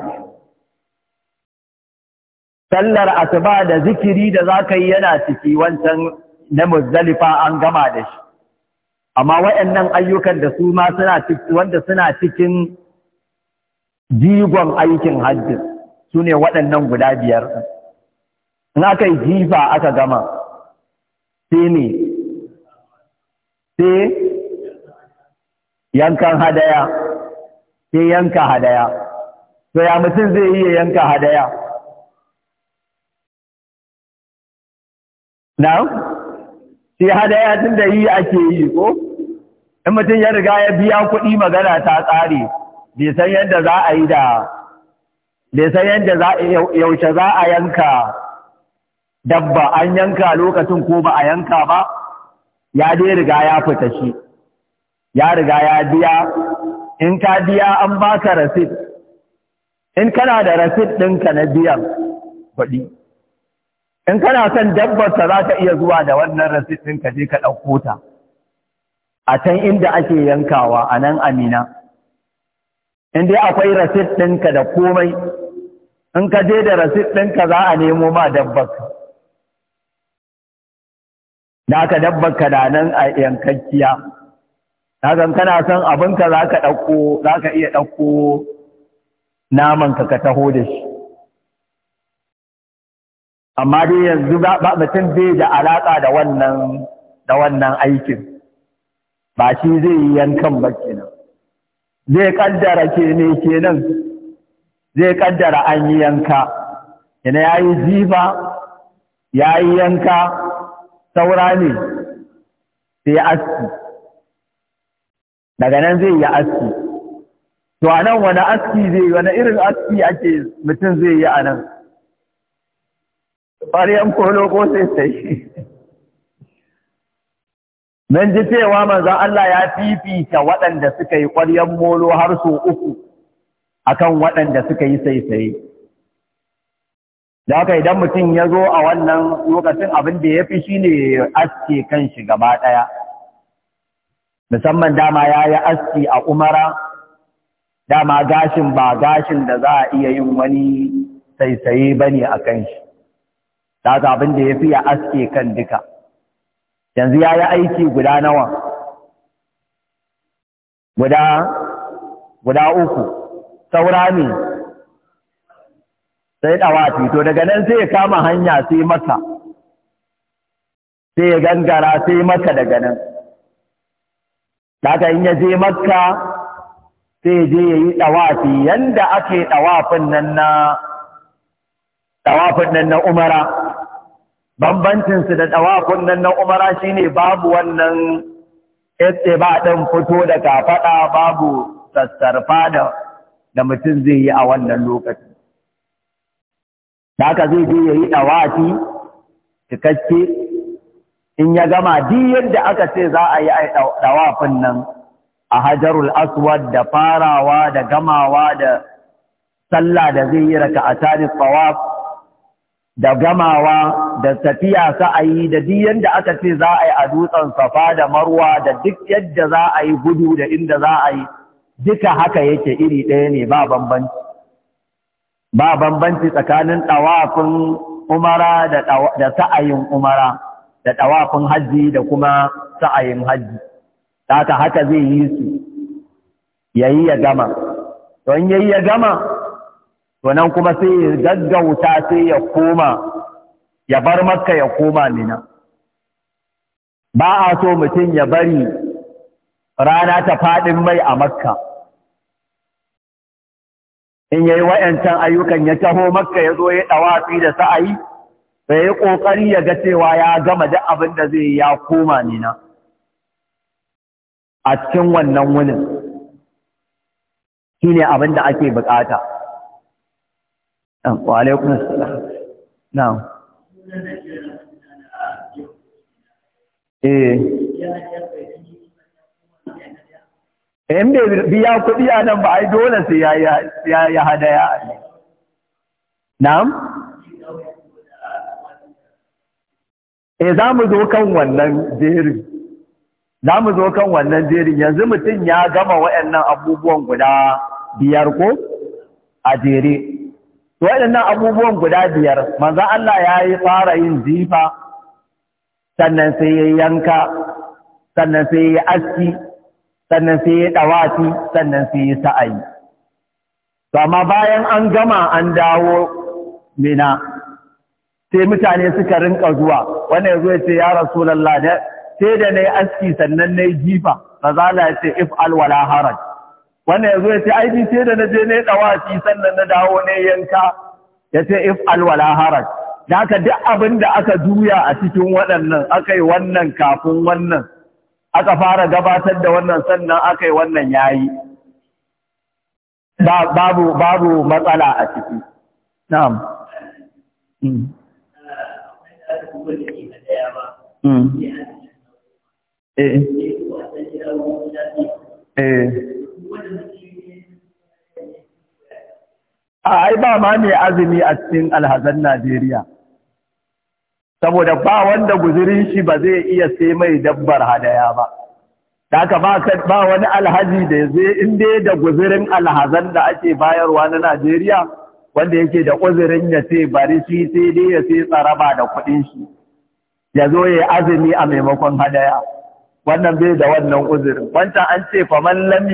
[SPEAKER 1] sallar asuba da zikiri da za ka yi yana ciki wancan na muzalifa an gama da shi amma waɗannan ayyukan da su ma suna wanda suna cikin jigon aikin hajji su ne waɗannan guda biyar na aka yi jifa aka gama sai ne sai yankan hadaya sai yanka hadaya to ya mutum zai iya yanka hadaya na sai hadaya tun da yi ake yi ko in mutum ya riga ya biya kuɗi magana ta tsari bai san yadda za a yi da bai san yadda yaushe za a yanka dabba an yanka lokacin ko ba a yanka ba ya dai riga ya fita shi ya riga ya biya in ka biya an baka rasit in kana da rasit ɗinka na biyan kuɗi in kana son ta za ka iya zuwa da wannan rasit ɗinka je ka ɗauko ta a can inda ake yankawa a nan amina in dai akwai rasit ɗinka da komai in ka je da rasit ɗinka za a nemo ma ka da aka dabbar ka da nan a yankakkiya hakan kana son abinka za ka ɗauko za ka iya ɗauko naman ka ka taho da shi amma dai yanzu ba mutum bai da alaƙa da wannan da wannan aikin ba shi zai yi yankan ba kenan zai kaddara ke ne kenan zai kaddara an yi yanka ina ya yi jifa ya yi yanka saura ne sai aski daga nan zai yi aski to a nan wani aski zai wani irin aski ake mutum zai yi a nan ƙwaryen kolo ko sai sai Mun ji cewa manzan Allah ya fifita waɗanda suka yi ƙwaryen molo har su uku akan waɗanda suka yi saisaye. da haka idan mutum ya zo a wannan lokacin abin da ya fi shi ne aske kan shi gaba ɗaya musamman dama ya yi aski a umara dama gashin ba gashin da za a iya yin wani saisaye ba ne a kan shi da haka abin da ya fi ya aske kan duka yanzu ya yi aiki guda nawa guda guda uku saura ne sai ɗawa to daga nan sai ya kama hanya sai maka sai ya gangara sai maka daga nan daga in ya je maka sai je ya yi fi yanda ake ɗawafin nan na dawafin nan na umara bambancin su da dawafin nan na umara shine babu wannan ba ɗin fito da kafaɗa babu sassarfa da da mutum zai yi a wannan lokacin da haka zai je ya yi ɗawafi cikakke in ya gama diyar yadda aka ce za a yi ɗawafin nan a hajarul aswad da farawa da gamawa da sallah da zai yi raka a tani tsawaf da gamawa da tafiya sa'ayi da diyan da aka ce za a yi a dutsen safa da marwa da duk yadda za a yi gudu da inda za a yi duka haka yake iri ɗaya ne ba bambanci ba bambanci tsakanin ɗawafin umara da sa'ayin umara da ɗawafin hajji da kuma sa'ayin hajji haka haka zai yi su yayi ya gama don yayi ya gama to kuma sai ya gaggauta sai ya koma ya bar makka ya koma nina. ba a so mutum ya bari rana ta faɗin mai a makka in yi wayancan ayyukan ya taho maka ya zo ya ɗawafi da sa'ayi sai ya ƙoƙari ya ga cewa ya gama duk abin da zai ya koma nina na a cikin wannan wunin ne abin da ake bukata wa eh in bai biya kuɗi a nan ba ai dole sai ya yi hadaya na'am e za mu zo kan wannan jerin za mu zo kan wannan jerin yanzu mutum ya gama waɗannan abubuwan guda biyar ko a jere waɗannan abubuwan guda biyar manzan Allah ya yi fara yin jifa sannan sai ya yanka sannan sai ya yi aski sannan sai ya ɗawafi sannan sai ya sa'ayi to amma bayan an gama an dawo mina sai mutane suka rinka zuwa wannan yazo ya ce ya rasu ne sai da na yi aski sannan na yi jifa za ya ce if alwala haraj wannan yazo ya ce ai bi sai da na je na yi ɗawafi sannan na dawo na yanka ya ce if alwala haraj da haka duk abin da aka juya a cikin waɗannan aka yi wannan kafin wannan aka fara gabatar da wannan sannan aka yi wannan yayi babu babu matsala a ciki na'am mm. Mm. eh, eh. ba ma mai azumi a cikin alhazan Najeriya saboda ba wanda guzurin shi ba zai iya sai mai dabbar hadaya ba haka ba wani alhaji da zai inda da guzurin alhazan da ake bayarwa na Najeriya wanda yake da uzurin ya ce bari shi sai dai ya sai tsaraba da kuɗin shi ya zo ya azumi a maimakon hadaya wannan bai da wannan uzurin wancan an ce faman lam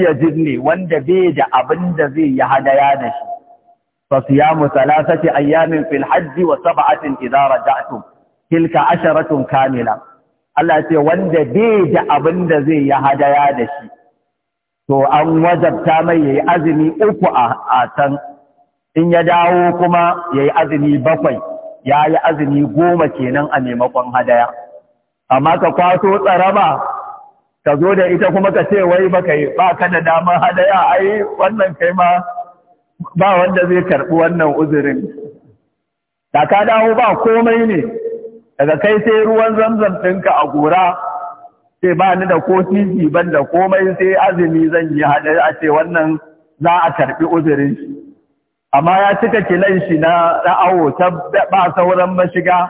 [SPEAKER 1] wanda bai da abin da zai yi hadaya da shi fa siyamu salasati ayyamin fil hajji wa sab'atin idza raja'tum tilka asharatun kamila Allah ce wanda bai da abin da zai yi hadaya da shi to an wajabta mai yayi azumi uku a san in ya dawo kuma yayi azumi bakwai yayi azumi goma kenan a maimakon hadaya amma ka kwato tsaraba ka zo da ita kuma ka ce wai baka yi ba ka da damar hadaya ai wannan kai ma ba wanda zai karɓi wannan uzurin da ka dawo ba komai ne daga kai sai ruwan zamzam ɗinka a gora sai ba ni da ko titi ban da komai sai azumi zan yi haɗe a ce wannan za a karɓi uzurin shi amma ya cika kilan shi na ra'awo ta ba sauran mashiga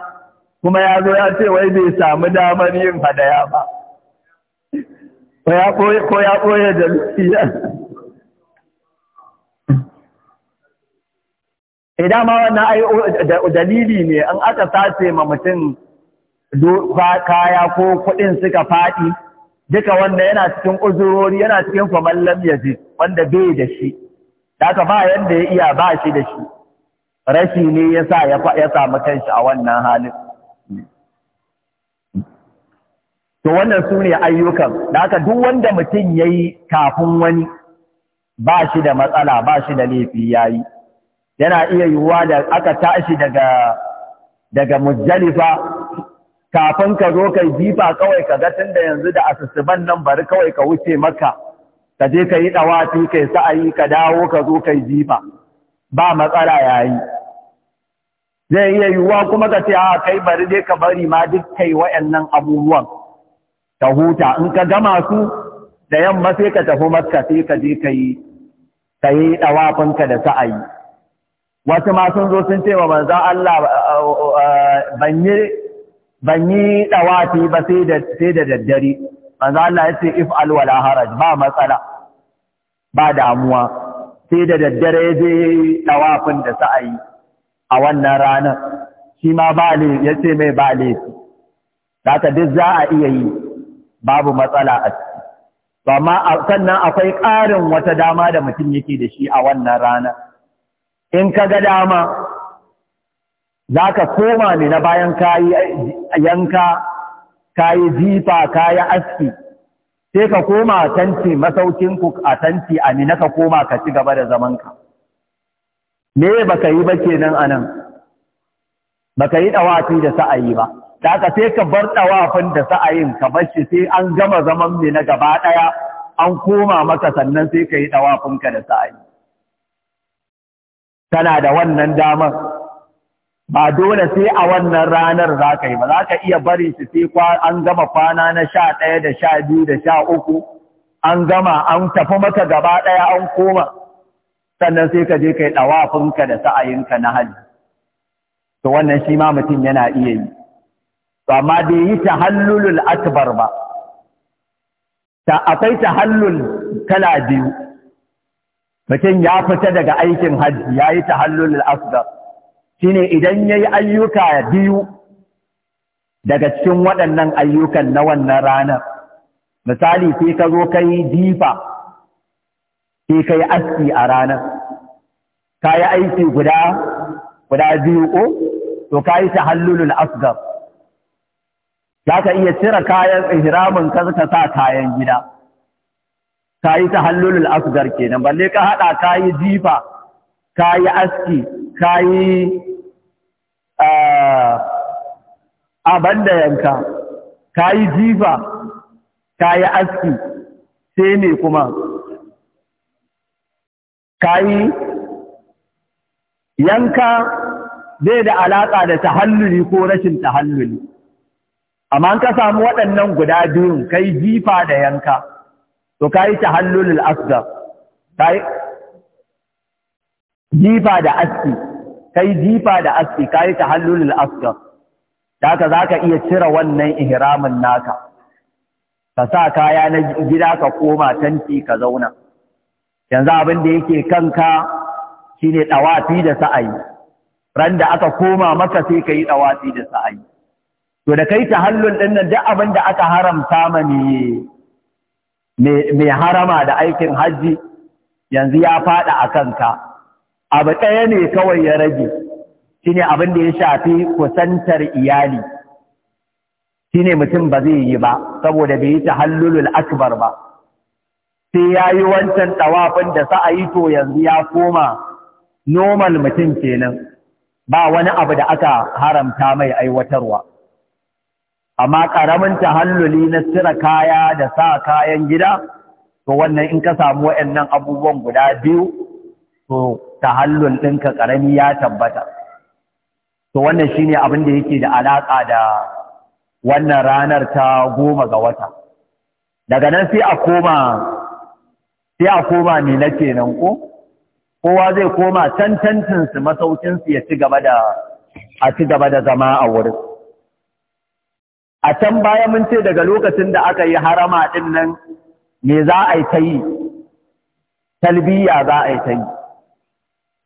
[SPEAKER 1] kuma ya zo ya ce wai bai samu damar yin hadaya ba ko ya ɓoye da idan eh, dama wannan dalili ne an aka sace ma mutum kaya ko kuɗin suka faɗi duka wannan yana cikin uzurori yana cikin famallam yaji wanda bai da shi daga ba yanda ya iya ba shi da shi rashi ne ya sa ya samu kanshi a wannan halin to wannan su ne ayyukan da duk wanda mutum yayi kafin wani ba shi da matsala ba shi da laifi yayi yana iya yiwuwa da aka tashi daga daga mujalifa kafin ka zo kai jifa kawai ka ga da yanzu da asusuban nan bari kawai ka wuce maka ka je ka yi kai sa'ayi ka dawo ka zo kai jifa ba matsala yayi zai iya yiwuwa kuma ka ce a kai bari dai ka bari ma duk kai wayannan abubuwan ka huta in ka gama su da yamma sai ka tafi makka sai ka je ka yi ka yi dawafin ka da sa'ayi wasu ma sun zo sun ce wa manzo Allah ban yi ban ba sai da sai da daddare manzo Allah ya ce if al wala haraj ba matsala ba damuwa sai da daddare je dawafin da ayi a wannan ranar shi ma ba le ya ce mai ba le zaka duk za a iya yi babu matsala a ciki amma sannan akwai ƙarin wata dama da mutum yake da shi a wannan ranar in ka ga dama za ka koma ne na bayan kayi yanka kayi jifa kayi aski sai ka koma a masaukin masaukinku a tanti a ni ka koma ka ci gaba da zamanka me ba ka yi ba kenan a nan ba ka yi ɗawafi da sa'ayi ba da aka sai ka bar ɗawafin da sa'ayin ka bashi sai an gama zaman ne na gaba ɗaya an koma maka sannan sai ka yi ɗawafinka da sa'ayi kana da wannan damar ba dole sai a wannan ranar za ka yi ba za ka iya bari su sai an gama kwana na sha ɗaya da sha biyu da sha uku an gama an tafi maka gaba ɗaya an koma sannan sai ka je kai yi ɗawafinka da sa'ayinka na hali to wannan shi ma mutum yana iya yi to amma bai yi tahallulul akbar ba ta akwai tahallul kala biyu mutum ya fita daga aikin hajji ya yi tahallulul asgar shine idan ya yi ayyuka biyu daga cikin waɗannan ayyukan na wannan ranar misali sai ka zo ka yi difa sai ka yi aski a ranar ka yi aiki guda guda biyu ko to ka yi tahallulul asgar za ka iya cire kayan ihramin kar ka sa kayan gida ta yi ta hallulul asgar kenan balle ka haɗa ta yi jifa ka yi aski ta yi ah, ah, yanka ta yi jifa ta yi aski sai ne kuma ka yi yanka zai da alaƙa da ta tahalluli ko rashin ta tahalluli amma ka samu waɗannan guda biyun kai jifa da yanka to ka yi tahallulul asgar kai da aski ka yi jifa da aski ka tahallulul asgar da zaka iya cire wannan ihramin naka ka sa kaya na gida ka koma tanti ka zauna yanzu abin da yake kanka shine ɗawafi da sa'ayi ran da aka koma maka sai ka yi da sa'ayi to da kai tahallul ɗin nan duk abin da aka haramta mani mai harama da aikin hajji yanzu ya fada a kanka abu ɗaya ne kawai ya rage Shi ne abin da ya shafi kusantar iyali Shi ne mutum ba zai yi ba saboda bai yi ta hallulul akbar ba sai ya yi wancan ɗawafin da yi to yanzu ya koma normal mutum kenan ba wani abu da aka haramta mai aiwatarwa amma ƙaramin tahalluli na cire kaya da sa kayan gida to wannan in ka samu waɗannan abubuwan guda biyu to tahallul ɗinka ƙarami ya tabbata to wannan shine abin da yake da alaƙa da wannan ranar ta goma ga wata daga nan sai a koma sai a koma me na kenan ko kowa zai koma tantancinsu masaukinsu ya ci gaba da a ci gaba da zama a wurin a can baya mun ce daga lokacin da aka yi harama ɗin nan me za a yi ta yi talbiya za a yi ta yi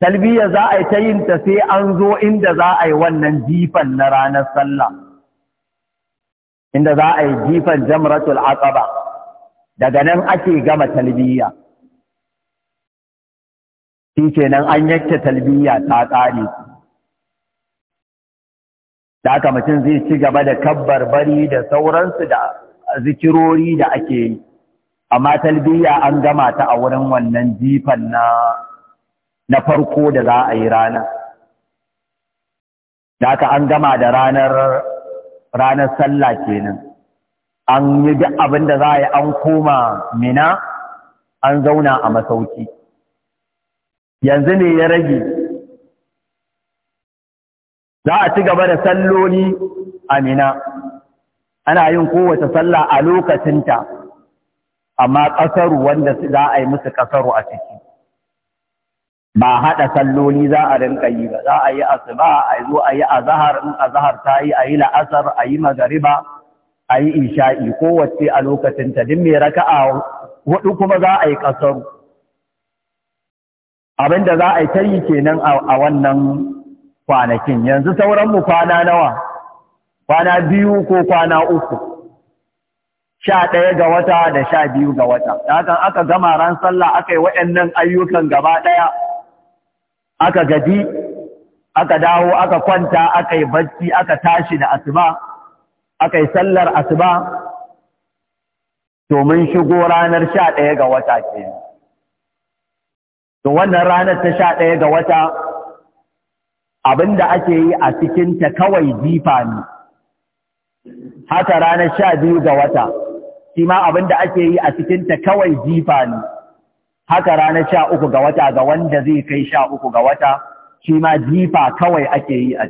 [SPEAKER 1] talbiya za a yi ta yin ta sai an zo inda za a yi wannan jifan na ranar sallah inda za a yi jifan jamratul aqaba daga nan ake gama talbiya shi kenan an yanke talbiya ta ƙare da aka mutum zai ci gaba da kabbar bari da sauransu da zikirori da ake yi amma talbiya an gama ta a wurin wannan jifan na farko da za a yi rana da aka an gama da ranar ranar sallah kenan an yi duk abin da za a yi an koma mina an zauna a masauki yanzu ne ya rage za a ci gaba da salloli a mina ana yin kowace sallah a lokacinta amma ƙasaru wanda za a yi musu ƙasaru a ciki ba haɗa salloli za a rinka yi ba za a yi asuba a zo a yi azahar in azahar ta yi a yi la'asar a yi magariba a yi isha'i kowace a lokacinta duk mai raka'a hudu kuma za a yi ƙasaru abinda za a yi tayi kenan a wannan kwanakin yanzu sauranmu kwana nawa kwana biyu ko kwana uku sha ɗaya ga wata da sha biyu ga wata Da hakan aka gama ran sallah aka yi waɗannan ayyukan gaba ɗaya aka gaji aka dawo aka kwanta aka yi bacci aka tashi da asuba aka yi sallar asuba to mun shigo ranar sha ɗaya ga wata ke to wannan ranar ta sha ɗaya ga wata abin da ake yi a cikinta kawai jifa ne haka ranar sha biyu ga wata shi ma abin da ake yi a cikinta kawai jifa ne haka ranar sha uku ga wata ga wanda zai kai sha uku ga wata shi ma jifa kawai ake yi a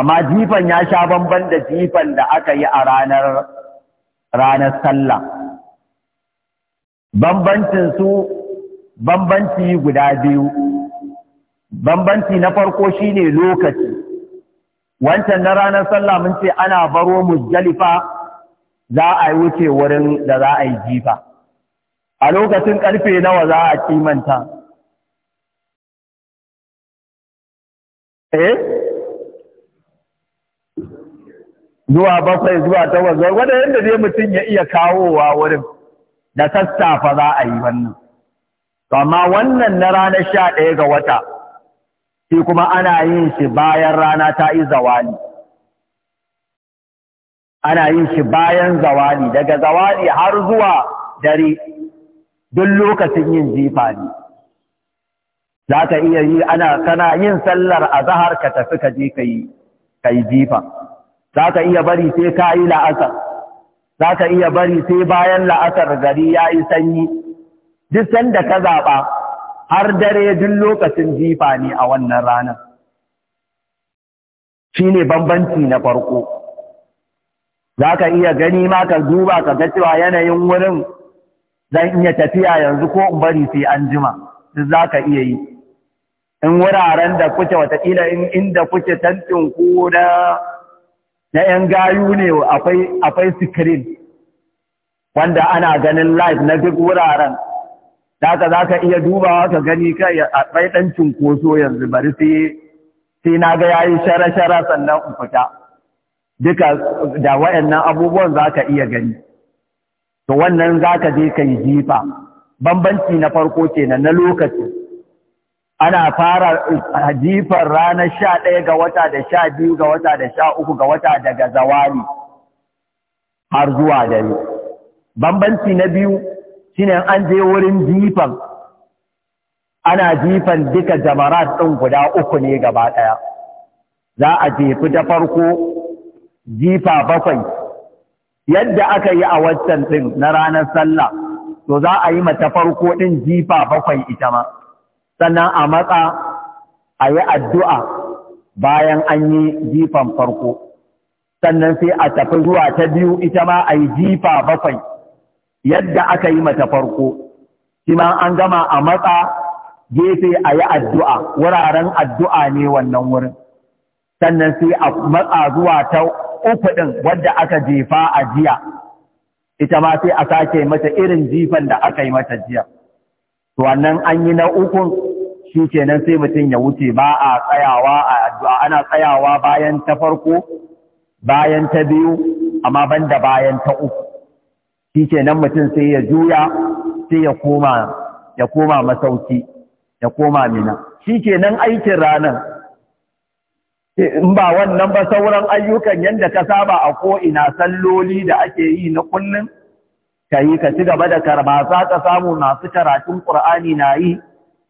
[SPEAKER 1] amma jifan ya sha bamban da jifan da aka yi a ranar ranar sallah bambancin su bambanci guda biyu bambanci na farko shine lokaci wancan na ranar sallah mun ce ana baro muzdalifa za a yi wuce wurin da za a yi jifa a lokacin karfe nawa za a kimanta eh zuwa bakwai zuwa takwas wanda yadda dai mutum ya iya kawowa wurin da sassafa za a yi wannan amma wannan na ranar sha ɗaya ga wata shi kuma ana yin shi bayan rana ta yi zawali ana yin shi bayan zawali daga zawali har zuwa dare duk lokacin yin jifa ne za ka iya yi ana kana yin sallar a zahar ka tafi ka je ka yi jifa za ka iya bari sai ka yi la'asar za ka iya bari sai bayan la'asar gari ya yi sanyi duk sanda ka zaɓa har dare duk lokacin jifa ne a wannan ranar shi ne bambanci na farko za ka iya gani ma ka duba ka ga cewa yanayin wurin zan iya tafiya yanzu ko in bari sai an jima duk za ka iya yi in wuraren da kuke watakila inda kuke tantin ku na na 'yan gayu ne akwai sikirin wanda ana ganin live na duk wuraren Zaka za ka iya dubawa ka gani kai akwai ɗan koso yanzu bari sai na ga yayi shara-shara sannan in fita duka da wayannan abubuwan za ka iya gani to wannan za ka je ka yi jifa bambanci na farko kenan na lokaci ana fara jifar ranar sha ɗaya ga wata da sha biyu ga wata da sha uku ga wata daga zawali har zuwa dare bambanci na biyu shine an je wurin jifan ana jifan duka jamarat ɗin guda uku ne gaba ɗaya za a jefi ta farko jifa bakwai yadda aka yi a waccan ɗin na ranar sallah to za a yi mata farko ɗin jifa bakwai ita ma sannan a matsa a yi addu'a bayan an yi jifan farko sannan sai a tafi zuwa ta biyu ita ma a yi jifa bakwai yadda aka yi mata farko shi an gama a matsa gefe a yi addu'a wuraren addu'a ne wannan wurin sannan sai a matsa zuwa ta uku ɗin wadda aka jefa a jiya ita ma sai a sake mata irin jifan da aka yi mata jiya to wannan an yi na ukun shi kenan sai mutum ya wuce ba a tsayawa a addu'a ana tsayawa bayan ta farko bayan ta biyu amma banda bayan ta uku shi nan mutum sai ya juya sai ya koma ya koma masauki ya koma mina shi kenan aikin ranar in ba wannan ba sauran ayyukan yadda ka saba a ko'ina salloli da ake yi na kullum ka yi ka ci gaba da za ka samu masu karatun ƙur'ani na yi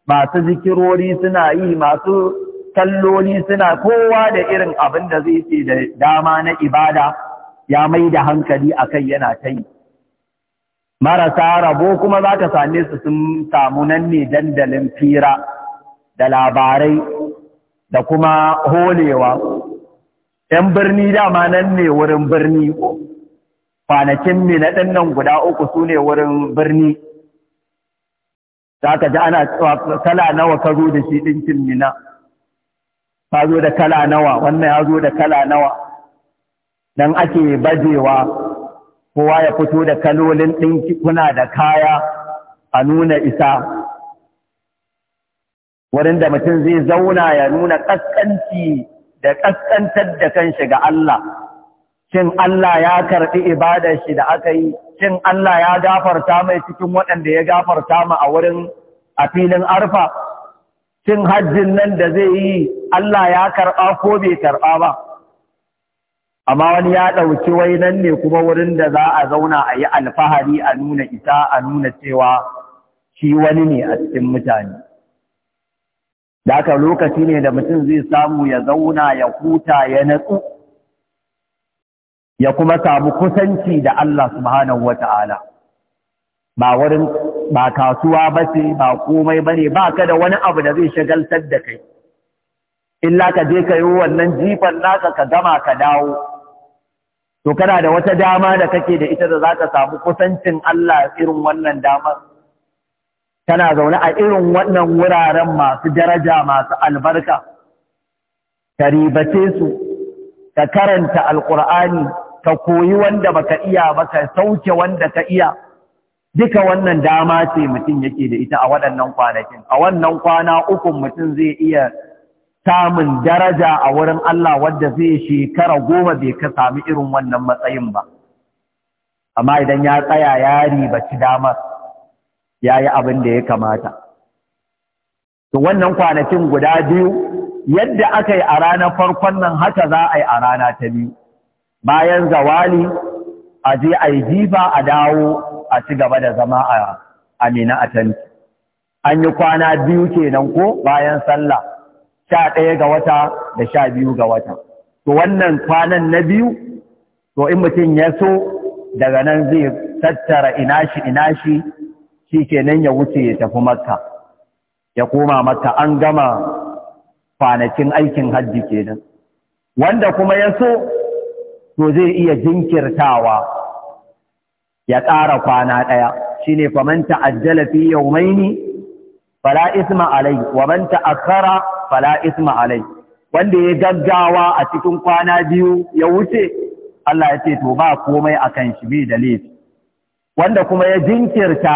[SPEAKER 1] masu zikirori suna yi masu salloli suna kowa da irin abin da zai ce da dama na ibada ya mai da hankali a kai yana ta yi marasa rabo kuma za ka same su sun samu nan ne dandalin fira da labarai da kuma holewa ‘yan birni dama nan ne wurin birni kwanakin mai na nan guda uku su ne wurin birni za ka ji ana kala nawa ka zo da shi ɗinkin mina ka zo da kala nawa wannan ya zo da kala nawa don ake bajewa kowa ya fito da kalolin ɗinki kuna da kaya a nuna isa wurin da mutum zai zauna ya nuna ƙasƙanci da ƙasƙantar da kanshi ga Allah shin Allah ya karɓi ibadar shi da aka yi shin Allah ya gafarta mai cikin waɗanda ya gafarta mu a wurin a filin arfa shin hajjin nan da zai yi Allah ya karɓa ko bai karɓa ba amma wani ya ɗauki wai nan ne kuma wurin da za a zauna a yi alfahari a nuna ita a nuna cewa shi wani ne a cikin mutane da haka lokaci ne da mutum zai samu ya zauna ya huta ya natsu ya kuma samu kusanci da Allah subhanahu wata'ala ba wurin ba kasuwa ba ce ba komai ba ne ba ka da wani abu da zai shagaltar da kai illa ka je ka yi wannan jifan naka ka gama ka dawo to kana da wata dama da kake da ita da za ka samu kusancin Allah irin wannan damar kana zaune a irin wannan wuraren masu daraja masu albarka ka ribace su ka karanta alkur'ani ka koyi wanda baka iya ba ka sauke wanda ka iya duka wannan dama ce mutum yake da ita a waɗannan kwanakin a wannan kwana uku mutum zai iya samun daraja a wurin Allah wadda zai shekara goma bai ka sami irin wannan matsayin ba. Amma idan ya tsaya ya ci damar ya yi abin da ya kamata. To wannan kwanakin guda biyu yadda aka yi a ranar farkon nan haka za a yi a rana ta biyu. Bayan zawali a je a yi jifa a dawo a ci gaba da zama a amina a tanti. An yi kwana biyu kenan ko bayan sallah sha ɗaya ga wata da sha biyu ga wata to wannan kwanan na biyu to in mutum ya so daga nan zai tattara inashi shi ina shi shi kenan ya wuce ya tafi makka ya koma makka an gama kwanakin aikin hajji kenan wanda kuma ya so to zai iya jinkirtawa ya ƙara kwana ɗaya shine kwamanta ajjala fi yawmaini fala isma alai wa man fala isma alai wanda ya gaggawa a cikin kwana biyu ya wuce Allah ya ce to ba komai akan shi bi da laifi wanda kuma ya jinkirta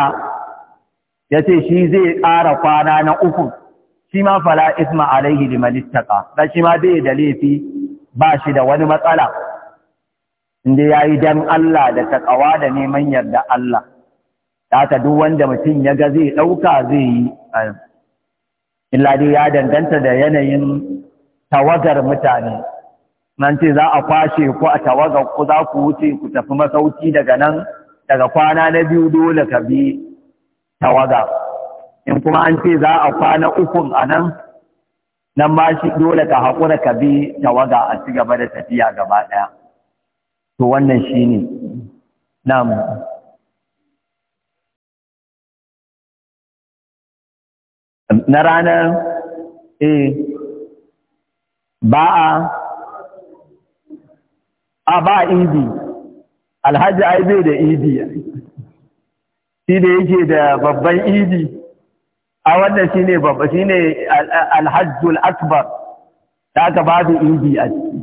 [SPEAKER 1] ya ce shi zai ƙara kwana na uku shi ma fala isma alaihi liman ittaqa da shi ma bai da laifi ba shi da wani matsala inda ya yi dan Allah da takawa da neman yarda Allah ta duk wanda mutum ya ga zai ɗauka zai yi illa dai ya danganta da yanayin tawagar mutane nan ce za a kwashe ku a tawagar ku za ku wuce ku tafi masauki daga nan daga kwana na biyu dole ka bi tawaga in kuma an ce za a kwana ukun a nan nan ma shi dole ka haƙura ka bi tawaga a ci gaba da tafiya gaba ɗaya to wannan shi ne
[SPEAKER 2] na'am na ranar eh ba a
[SPEAKER 1] a ba idi alhaji ai bai da idi shi da yake da babban idi a wannan shi ne babba shi ne alhajjul akbar ka ba babu idi a ciki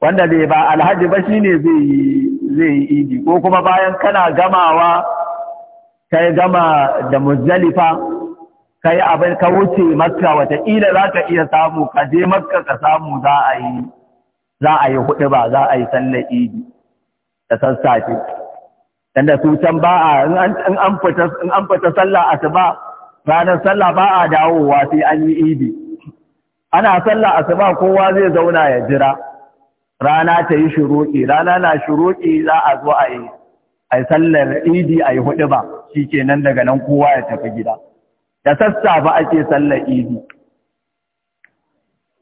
[SPEAKER 1] wanda bai ba alhaji ba shi ne zai yi idi ko kuma bayan kana gamawa kai gama da muzalifa ka abin ka wuce makka wataƙila za ka iya samu ka je makka ka samu za a yi za a yi hudu ba za a yi sallar idi da sassafe dan su can ba a in an fita sallah asuba ranar sallah ba a dawowa sai an yi idi ana sallah asuba kowa zai zauna ya jira rana ta yi shuruƙi rana na shuruƙi za a zo a yi sallar idi a yi hudu ba nan daga nan kowa ya tafi gida da sassafe ake sallar idi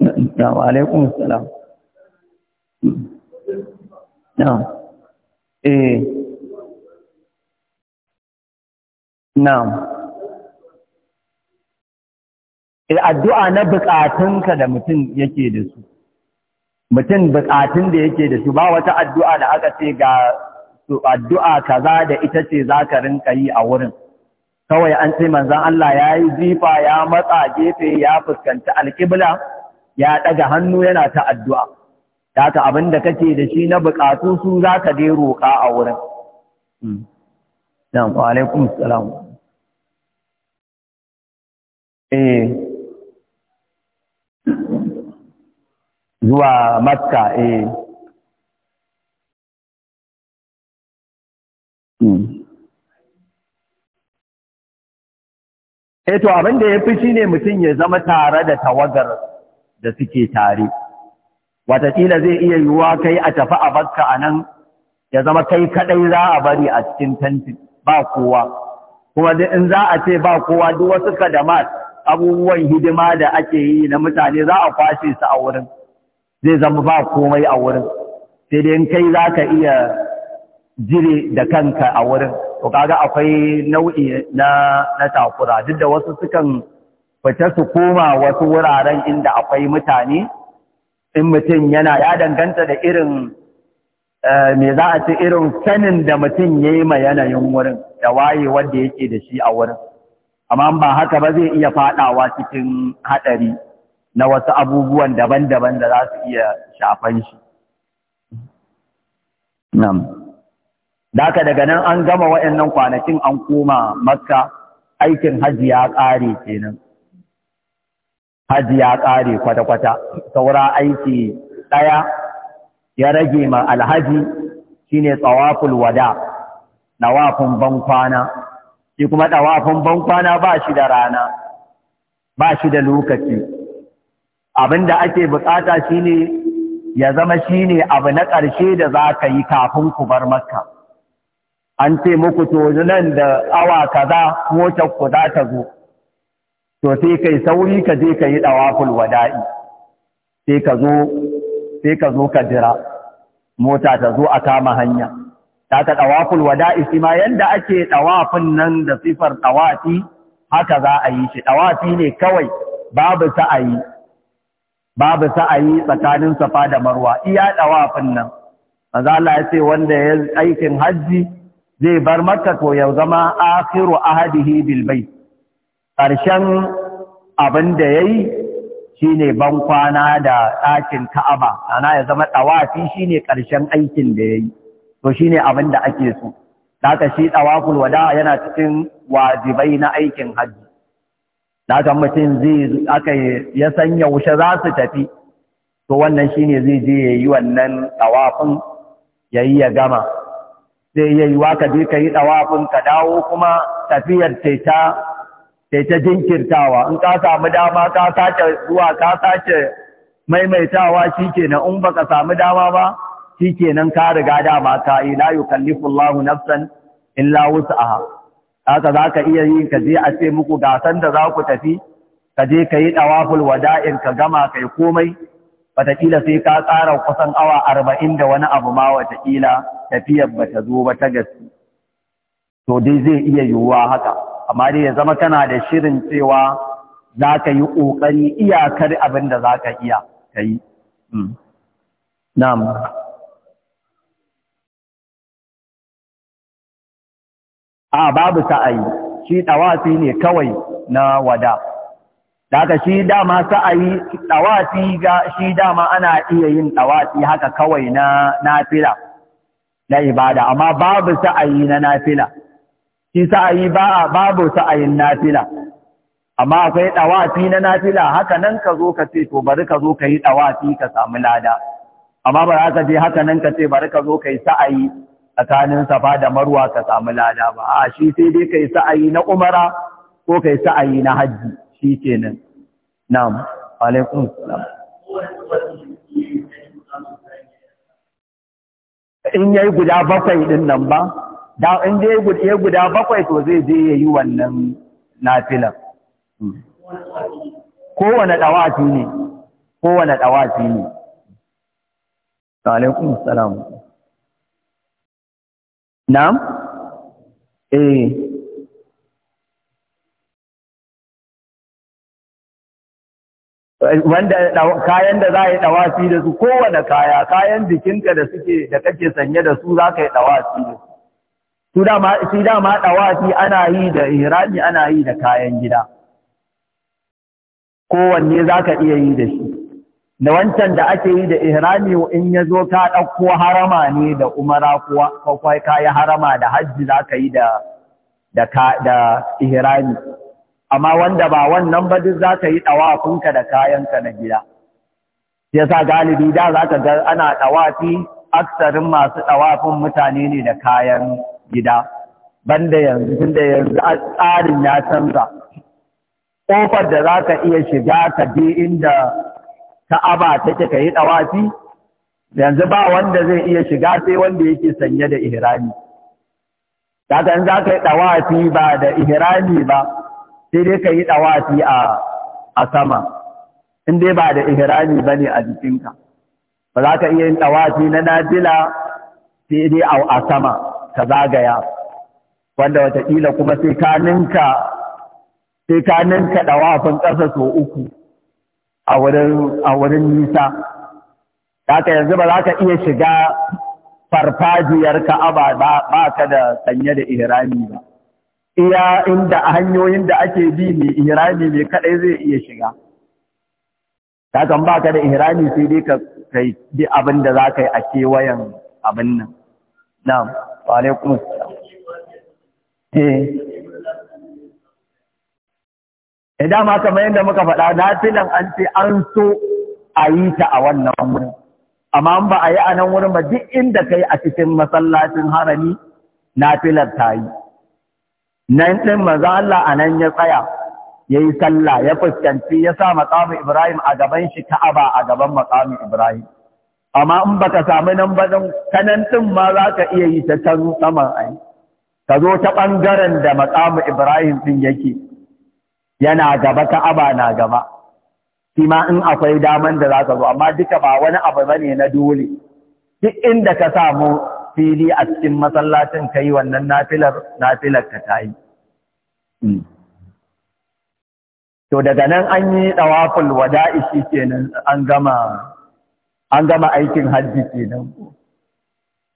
[SPEAKER 1] Assalamu alaikum assalam
[SPEAKER 2] Na'am eh Na'am
[SPEAKER 1] eh, addu'a na bukatunka da mutum yake da su mutum bukatun da yake da su ba wata addu'a da aka ce ga addu'a kaza da ita ce za ka rinka yi a wurin kawai an ce manzan Allah ya yi jifa ya matsa gefe ya fuskanci alƙibla ya ɗaga hannu yana ta addu'a ta ka abin da kake da shi na buƙatu su za ka dai roƙa a wurin hmm. nan salam
[SPEAKER 2] eh zuwa eh. Hmm. eh to
[SPEAKER 1] abin da ya fi shi ne mutum ya zama tare da tawagar da suke tare watakila zai iya yiwuwa kai a tafi a bakka a nan ya zama kai kaɗai za a bari a cikin tantin ba kowa kuma in za a ce ba kowa duk wasu kadamat abubuwan hidima da ake yi na mutane za a kwashe su a wurin zai zama ba komai a wurin sai dai kai za ka iya jire da kanka a wurin to kaga akwai nau'i na na takura duk da wasu sukan fita su koma wasu wuraren inda akwai mutane in mutum yana ya danganta da irin eh, me za a ce irin sanin da mutum ya yi ma yanayin wurin da waye wanda yake da shi a wurin amma ba haka ba zai iya fadawa cikin hadari na wasu abubuwan daban-daban da za su iya shafan shi. No. Daka daga nan an gama wa'annan kwanakin an koma makka aikin hajji ya ƙare kenan hajji ya ƙare kwata-kwata saura aiki ɗaya ya rage ma alhaji shine tsawaful wada ɗawafin bankwana shi kuma ɗawafin bankwana ba shi da rana ba shi da lokaci Abin da ake bukata ne ya zama shine abu na ƙarshe da za ka yi kafin ku bar makka an ce muku to nan da awa kaza motar ku za ta zo to sai kai sauri ka je ka yi dawaful wada'i sai ka zo sai ka zo ka jira mota ta zo a kama hanya ta ta dawaful wada'i shi ma yanda ake dawafin nan da sifar dawati haka za a yi shi dawafi ne kawai babu sa'ayi babu sa'ayi tsakanin safa da marwa iya dawafin nan manzo Allah ya ce wanda ya aikin hajji zai bar makka to ya zama akhiru ahadihi bil bayt karshen abin da yayi shine ban kwana da ɗakin Ka'aba ana ya zama tawafi shine karshen aikin da yayi to shine abin da ake so daga shi tawaful wada yana cikin wajibai na aikin hajji daga mutum zai aka ya san yaushe za su tafi to wannan shine zai je yayi wannan tawafin yayi ya gama zai iya yi waka je ka yi ɗawafin ka dawo kuma tafiyar ce jinkirtawa in ka samu dama ka sace zuwa ka sace maimaitawa shi shikenan in ka samu dama ba Shi nan ka riga dama ka yi la yukallifu Allahu nafsan illa aha. haka ka iya yi ka je a ce muku gasan da za ku tafi ka je ka yi ɗawafin wada'in ka gama kai komai wataƙila sai ka tsara kusan awa arba'in da wani abu ma wataƙila tafiyar ba ta zo ba ta gaske to dai zai iya yiwuwa haka amma dai ya zama kana da shirin cewa za ka yi ƙoƙari iyakar abin da za ka iya ka yi hmm. a babu sa'ayi shi ɗawafi ne kawai na wada daga shi dama sa'ayi ɗawafi ga shi dama ana iya yin ɗawafi haka kawai na nafila na ibada amma babu sa'ayi na nafila shi sa'ayi ba babu sa'ayin nafila amma akwai ɗawafi na nafila haka nan ka zo ka ce to bari ka zo ka yi dawafi ka samu lada amma ba za ka je haka nan ka ce bari ka zo ka yi sa'ayi tsakanin safa da marwa ka samu lada ba a shi sai dai ka yi sa'ayi na umara ko ka yi sa'ayi na hajji shi kenan na'am alaikum salam in yayi guda bakwai din nan ba da in dai ya guda bakwai to zai je yayi wannan nafilan kowane dawafi ne kowane ɗawafi ne alaikum salam na'am
[SPEAKER 2] eh kayan da za a yi ɗawafi da
[SPEAKER 1] su kowane kaya kayan bikinka da suke da kake sanye da su za ka yi ɗawafi da su shi dama ɗawafi ana yi da ihrami ana yi da kayan gida kowanne za ka iya yi da shi da wancan da ake yi da ihrami in ya zo ka ɗauko harama ne da umara kuwa kwakwai kayi harama da hajji za ka yi da ihrami amma wanda ba wannan ba duk za ka yi ɗawafinka da kayanka na gida ya sa galibi da za ka ga ana ɗawafi aksarin masu ɗawafin mutane ne da kayan gida banda yanzu tunda yanzu tsarin ya canza ƙofar da za ka iya shiga ka je inda ka'aba take ka yi ɗawafi yanzu ba wanda zai iya shiga sai wanda yake sanye da ihrami kaga in za ka yi ɗawafi ba da ihrami ba sai dai ka yi ɗawafi a sama in dai ba da ihrami ba ne a jikinka ba za ka iya yin ɗawafi na nafila sai dai a sama ka zagaya wanda watakila kuma sai ka ninka sai ɗawafin ƙasa sau uku a wurin nisa ka yanzu ba za ka iya shiga farfajiyar ka'aba ba ka da sanye da ihrami ba iya inda hanyoyin da ake bi mai ihrami mai kadai zai iya shiga kakan ba ka da ihrami sai dai ka kai bi abin da za ka yi a kewayen abin nan na'am wa alaikum eh idan eh, ma kamar yadda muka faɗa na filan an ce an so a yi ta a wannan wurin amma ba a yi a nan wurin ba duk inda ka yi a cikin masallacin harami na filar ta yi nan ɗin manzo Allah a ya tsaya ya yi sallah ya fuskanci ya sa maƙamu Ibrahim a gaban shi Ka'aba a gaban maƙamu Ibrahim amma in baka samu nan ba kanan ɗin ma za ka iya yi ta can saman ai ka zo ta ɓangaren da maƙamu Ibrahim ɗin yake yana gaba Ka'aba na gaba shi ma in akwai daman da za ka zo amma duka ba wani abu bane na dole duk inda ka samu fili a cikin masallacin kai, wannan nafilar nafilar ka ta yi hmm. to daga nan an yi ɗawaful wada'i shi kenan an gama aikin hajji kenan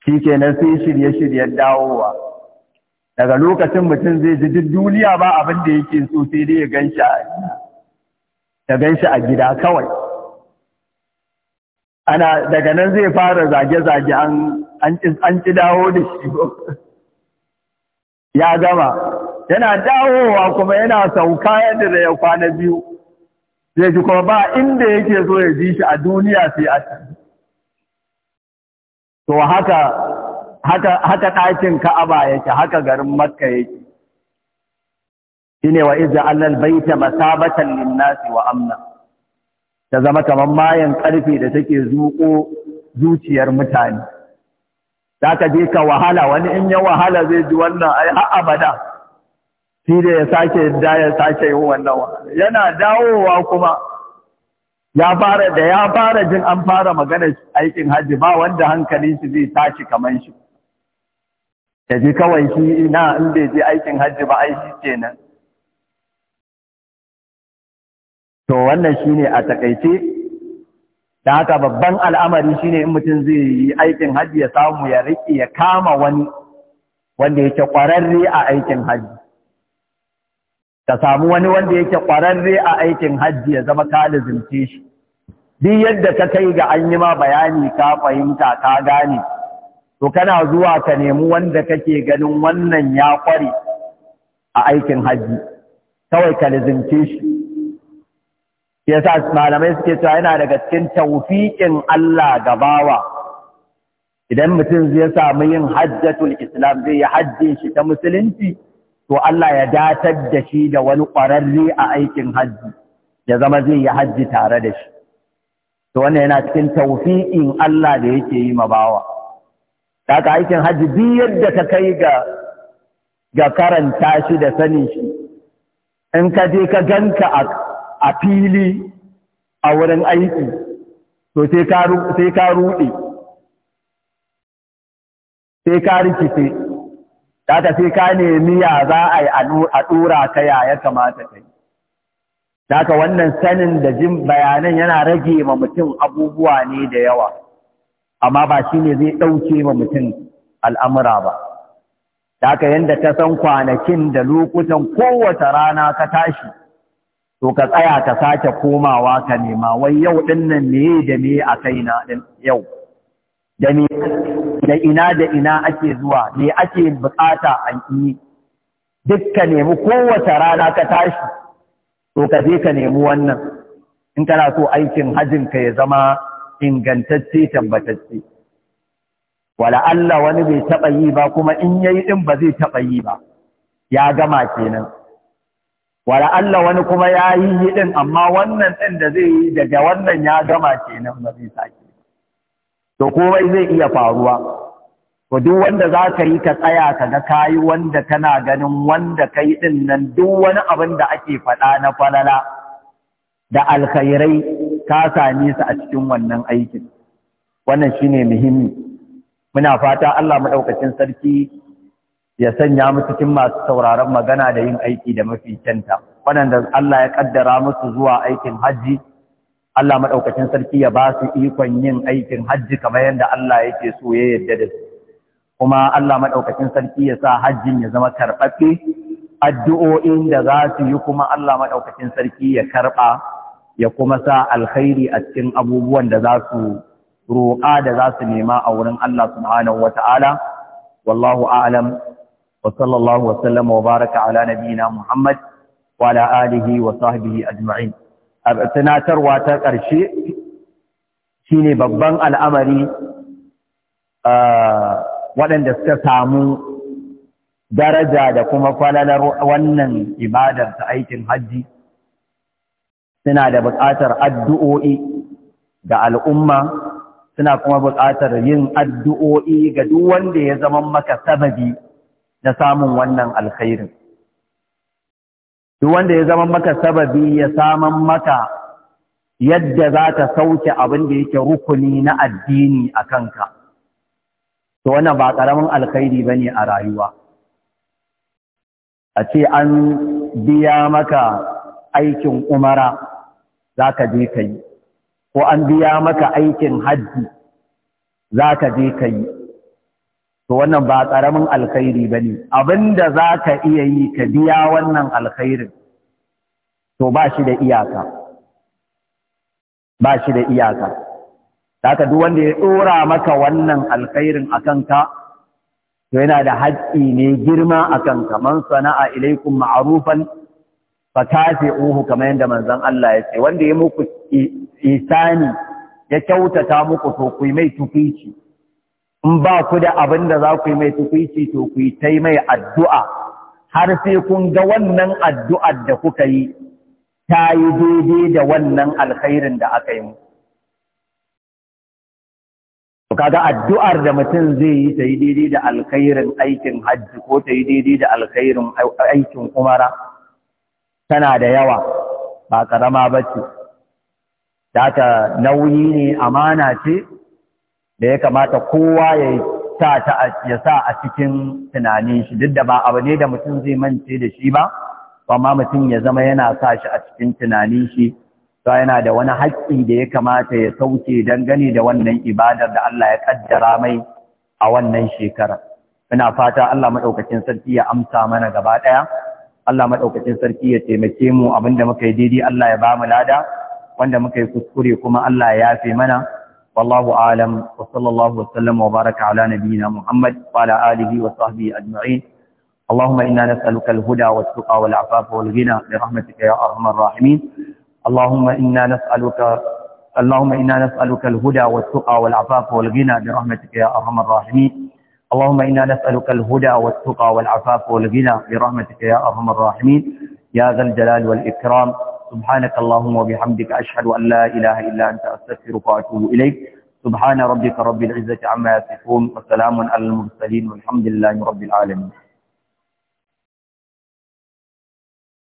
[SPEAKER 1] shi kenan sai shirye-shiryen dawowa daga lokacin mutum zai ji duk duniya ba abin da yake so sai dai ya a a gan shi a gida kawai ana daga nan zai fara zage-zage an an ci dawo da shi ya gama yana dawowa kuma yana sauka yadda da ya kwana biyu zai ji kuma ba inda yake so ya ji shi a duniya sai a can to haka haka haka ɗakin ka'aba yake haka garin makka yake ne wa iza allal baita masabatan linnasi wa amna ta zama kamar mayan ƙarfe da take zuƙo zuciyar mutane za ka je ka wahala wani in ya wahala zai ji wannan ai har abada shi da ya sake da ya sake yi wannan yana dawowa kuma ya fara da ya fara jin an fara magana aikin hajji ba wanda hankalin shi zai tashi kamar shi ya ji kawai shi ina in bai je aikin hajji ba ai shi kenan to wannan shine a takaice da haka babban al'amari ne in mutum zai yi aikin hajji ya samu ya riƙe ya kama wani wanda yake ƙwararre a aikin hajji ka samu wani wanda yake ƙwararre a aikin hajji ya zama ka lizince shi duk yadda ka kai ga an yi ma bayani ka fahimta ka gane to kana zuwa ka nemi wanda kake ganin wannan ya ƙware a aikin hajji kawai ka lizince shi yasa malamai suke cewa yana daga cikin taufiƙin Allah ga bawa idan mutum zai samu yin hajjatul islam zai yi hajjin shi ta musulunci to Allah ya datar da shi da wani ƙwararre a aikin hajji ya zama zai yi hajji tare da shi to wannan yana cikin taufiƙin Allah da yake yi ma bawa kaka aikin hajji duk yadda ka kai ga ga karanta shi da sanin shi in ka je ka ganka a a fili a wurin aiki to sai ka ruɗe sai ka rikice ta sai ka nemi ya za a yi a ɗura ka ya kamata ka yi ka wannan sanin da jin bayanan yana rage ma mutum abubuwa ne da yawa amma ba shi ne zai ɗauke ma mutum al'amura ba daga yanda ta san kwanakin da lokutan kowace rana ka tashi to ka tsaya ka sake komawa ka nema wai yau din nan me da me a kaina din yau da me da ina da ina ake zuwa me ake bukata a yi dukka nemi kowace rana ka tashi to ka je ka nemi wannan in kana so aikin hajin ka ya zama ingantacce tabbatacce wala Allah wani bai taba yi ba kuma in yayi din ba zai taba yi ba ya gama kenan wala Allah wani kuma ya yi din amma wannan ɗin da zai yi daga wannan ya gama kenan ba zai sake to komai zai iya faruwa to duk wanda za ka yi ka tsaya ka ga kayi wanda kana ganin wanda yi ɗin nan duk wani abin da ake faɗa na falala da alkhairai ka same su a cikin wannan aikin wannan shine muhimmi muna fata Allah maɗaukacin sarki ya sanya mu cikin masu sauraron magana da yin aiki da mafi kyanta waɗanda Allah ya kaddara musu zuwa aikin hajji Allah madaukakin sarki ya ba su ikon yin aikin hajji kamar yadda Allah yake so ya yarda da su kuma Allah madaukakin sarki ya sa hajjin ya zama karɓaɓɓe addu'o'in da za su yi kuma Allah madaukakin sarki ya karɓa ya kuma sa alkhairi a cikin abubuwan da za su roƙa da za su nema a wurin Allah subhanahu wata'ala wallahu a'lam وصلى الله وسلم وبارك على نبينا محمد وعلى آله وصحبه أجمعين ƙarshe واتكر شيء شيني ببان الأمري ولن تستسامو daraja da kuma falalar wannan ibadar ta aikin hajji suna da buƙatar addu'o'i ga al'umma suna kuma buƙatar yin addu'o'i ga duk wanda ya zama maka sababi na samun wannan alkhairin duk wanda ya zama maka sababi ya saman maka yadda za ta sauke abin da yake rukuni na addini a kanka to wannan ba ƙaramin alkhairi ba ne a rayuwa a ce an biya maka aikin umara za ka je ka yi ko an biya maka aikin hajji za ka je ka yi to wannan ba ƙaramin alkhairi ba abinda za ka iya yi ka biya wannan alkhairin to ba shi da iyaka ba shi da iyaka ka duk wanda ya ɗora maka wannan alkhairin a kanka to yana da haƙƙi ne girma a kanka man sana'a ilaikum ma'arufan fa kafi'uhu kamar yadda manzon Allah ya ce wanda ya muku isani ya kyautata muku to ku mai tukici in ba ku da abin da za ku yi mai ce to ku yi ta yi mai addu'a har sai kun ga wannan addu'ar da kuka yi ta yi daidai da wannan alkhairin da aka yi mu. Kaga addu'ar da mutum zai yi ta yi daidai da alkhairin aikin hajji ko ta yi daidai da alkhairin aikin umara tana da yawa ba ƙarama ba ce, ta nauyi ne amana ce da ya kamata kowa ya sa ta ya sa a cikin tunanin shi duk da ba abu ne da mutum zai mance da shi ba amma mutum ya zama yana sa shi a cikin tunanin shi to yana da wani haƙƙi da ya kamata ya sauke dangane da wannan ibadar da Allah ya kaddara mai a wannan shekarar. Muna fata Allah maɗaukacin sarki ya amsa mana gaba ɗaya, Allah maɗaukacin sarki ya taimake mu abinda muka yi daidai Allah ya ba mu lada wanda muka yi kuskure kuma Allah ya yafe mana والله أعلم وصلى الله وسلم وبارك على نبينا محمد وعلى آله وصحبه أجمعين اللهم إنا نسألك الهدى والتقى والعفاف والغنى برحمتك يا أرحم الراحمين اللهم إنا نسألك اللهم إنا نسألك الهدى والتقى والعفاف والغنى برحمتك يا أرحم الراحمين اللهم إنا نسألك الهدى والتقى والعفاف والغنى برحمتك يا أرحم الراحمين يا ذا الجلال والإكرام سبحانك اللهم وبحمدك أشهد أن لا إله إلا أنت أستغفرك وأتوب إليك سبحان ربك رب العزة عما يصفون وسلام على المرسلين والحمد لله رب العالمين